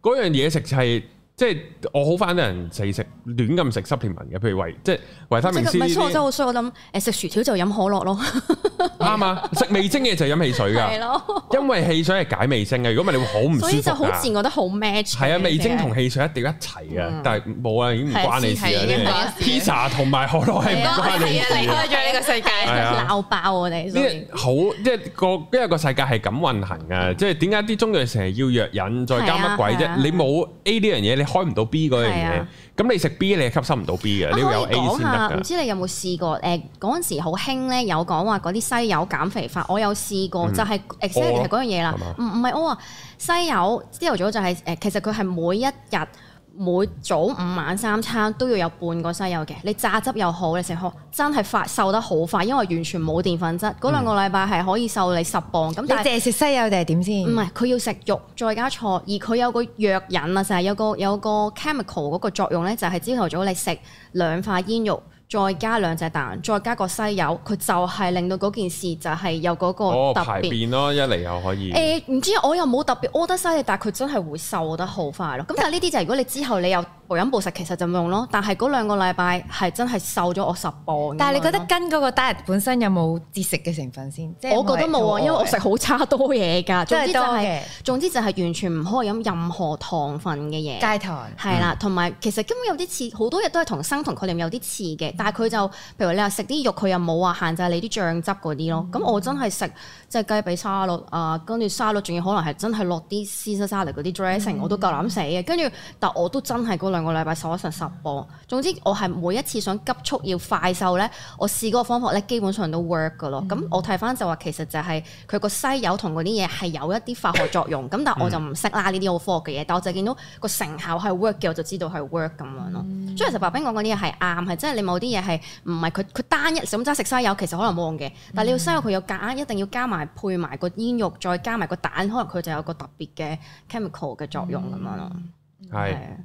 嗰樣嘢食就係、是。即係我好翻啲人死食亂咁食 supplement 嘅，譬如維，即係維他命 C。唔係，所以我真係好衰。我諗，誒，食薯條就飲可樂咯，啱啊！食味精嘢就飲汽水噶，因為汽水係解味精嘅，如果唔係，你會好唔舒服。所以就好自然覺得好 match。係啊，味精同汽水一定要一齊啊！但係冇啊，已經唔關你事。pizza 同埋可樂係唔關你事。係啊，呢個世界，鬧爆我哋。好即係個，因為個世界係咁運行噶。即係點解啲中藥成日要藥引，再加乜鬼啫？你冇 A 呢樣嘢，開唔是、啊嗯、到 B 嗰樣嘢，咁你食 B 你係吸收唔到 B 嘅。你要有 A 我可以講下，唔知你有冇試過？誒、呃，嗰陣時好興咧，有講話嗰啲西柚減肥法，我有試過，嗯、就係 exactly 係嗰樣嘢啦。唔唔係我話西柚朝頭早就係、是、誒、呃，其實佢係每一日。每早五晚三餐都要有半個西柚嘅，你榨汁又好，你食好，真係快瘦得好快，因為完全冇澱粉質。嗰、嗯、兩個禮拜係可以瘦你十磅咁。嗯、但係你淨係食西柚定係點先？唔係，佢要食肉再加菜，而佢有個藥引啊，就係、是、有個有個 chemical 嗰個作用咧，就係朝頭早你食兩塊煙肉。再加兩隻蛋，再加個西柚，佢就係令到嗰件事就係有嗰個特別。哦，排便咯，一嚟又可以。誒，唔知我又冇特別屙得犀利，但係佢真係會瘦得好快咯。咁但係呢啲就係如果你之後你又，暴飲暴食其實就冇用咯，但係嗰兩個禮拜係真係瘦咗我十磅。但係你覺得跟嗰個 diet 本身有冇節食嘅成分先？即我覺得冇，啊，因為我食好差多嘢㗎。總之就係、是，的總之就係完全唔可以飲任何糖分嘅嘢。戒糖係啦，同埋的、嗯、其實根本有啲似好多嘢都係同生酮佢哋有啲似嘅，但係佢就譬如你話食啲肉有有，佢又冇話限制你啲醬汁嗰啲咯。咁、嗯、我真係食即係雞髀沙律啊，跟住沙律仲要可能係真係落啲鮮生沙律嗰啲 dressing，我都夠膽食嘅。跟住，但我都真係兩個禮拜瘦咗成十磅，總之我係每一次想急速要快瘦咧，我試嗰個方法咧，基本上都 work 噶咯。咁、嗯、我睇翻就話，其實就係佢個西柚同嗰啲嘢係有一啲化學作用。咁、嗯、但係我就唔識啦，呢啲好科學嘅嘢。但我就見到個成效係 work 嘅，我就知道係 work 咁樣咯。嗯、所以其實白兵講嗰啲嘢係啱，係真係你某啲嘢係唔係佢佢單一，只係食西柚其實可能冇用嘅。但係你要西柚佢有夾硬，一定要加埋配埋個煙肉，再加埋個蛋，可能佢就有個特別嘅 chemical 嘅作用咁樣咯。係、嗯。是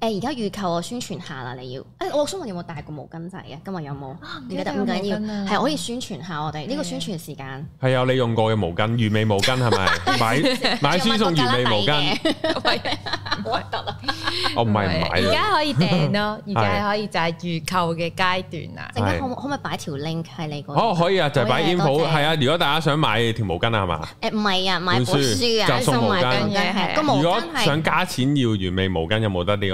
誒，而家預購我宣傳下啦，你要誒，我想問有冇帶個毛巾仔嘅？今日有冇？唔記得，唔緊要，係可以宣傳下我哋呢個宣傳時間。係啊，你用過嘅毛巾，完美毛巾係咪？買買書送完美毛巾，唔係得啦。我唔係唔買，而家可以訂咯，而家可以就係預購嘅階段啦。陣間可可唔可以擺條 link 喺你嗰？哦，可以啊，就係擺店鋪係啊。如果大家想買條毛巾啊，係嘛？誒，唔係啊，買本書就送毛巾嘅。如果想加錢要完美毛巾，有冇得啲？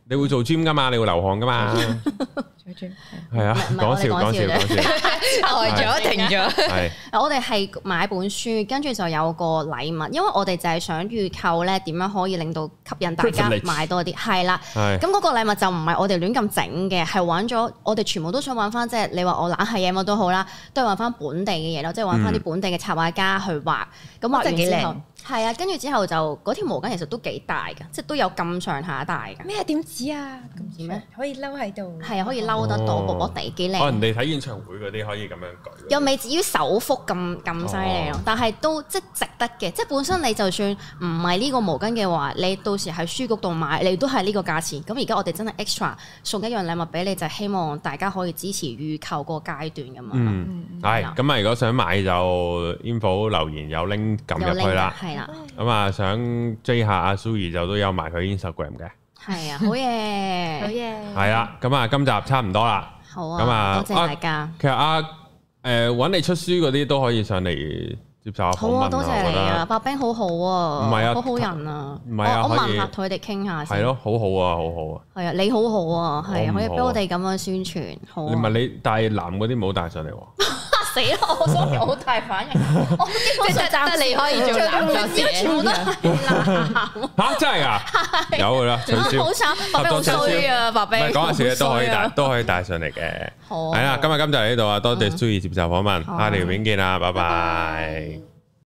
你會做 gym 噶嘛？你會流汗噶嘛？做 gym，係啊，講笑講笑講笑，咗停咗。我哋係買本書，跟住就有個禮物，因為我哋就係想預購咧，點樣可以令到吸引大家買多啲。係啦，咁嗰個禮物就唔係我哋亂咁整嘅，係揾咗我哋全部都想揾翻，即係你話我懶係嘢乜都好啦，都係揾翻本地嘅嘢咯，即係揾翻啲本地嘅插畫家去畫，咁畫、嗯、完幾靚。係啊，跟住之後就嗰條毛巾其實都幾大嘅，即係都有咁上下大嘅。咩點止啊？咁止咩？可以嬲喺度。係啊，可以嬲得躲躲地幾靚。可能你睇演唱會嗰啲可以咁樣舉。又未至於手幅咁咁犀利咯，哦、但係都即值得嘅。即係本身你就算唔係呢個毛巾嘅話，你到時喺書局度買，你都係呢個價錢。咁而家我哋真係 extra 送一樣禮物俾你，就係、希望大家可以支持預購個階段咁啊。嗯，係。咁啊，如果想買就 info 留言有拎撳入去啦。咁啊，想追下阿 Zoe 就都有埋佢 Instagram 嘅。係啊，好嘢，好嘢。係啦，咁啊，今集差唔多啦。好啊，咁啊，多謝大家。其實阿誒揾你出書嗰啲都可以上嚟接受訪問啊。多謝你啊，白兵好好啊，唔係啊，好好人啊。唔係啊，我問同佢哋傾下先。係咯，好好啊，好好啊。係啊，你好好啊，係可以畀我哋咁樣宣傳。好你唔係你，但男嗰啲冇帶上嚟。死咯！我當時好大反應，我基本上得你可以做辣椒嘅。嚇，真係啊！有啦，退燒啊，爸 B。唔係講下笑咧，都可以帶，都可以帶上嚟嘅。好，係啦，今日今就喺呢度啊，多謝 Zoe 接受訪問，下條片見啦，拜拜。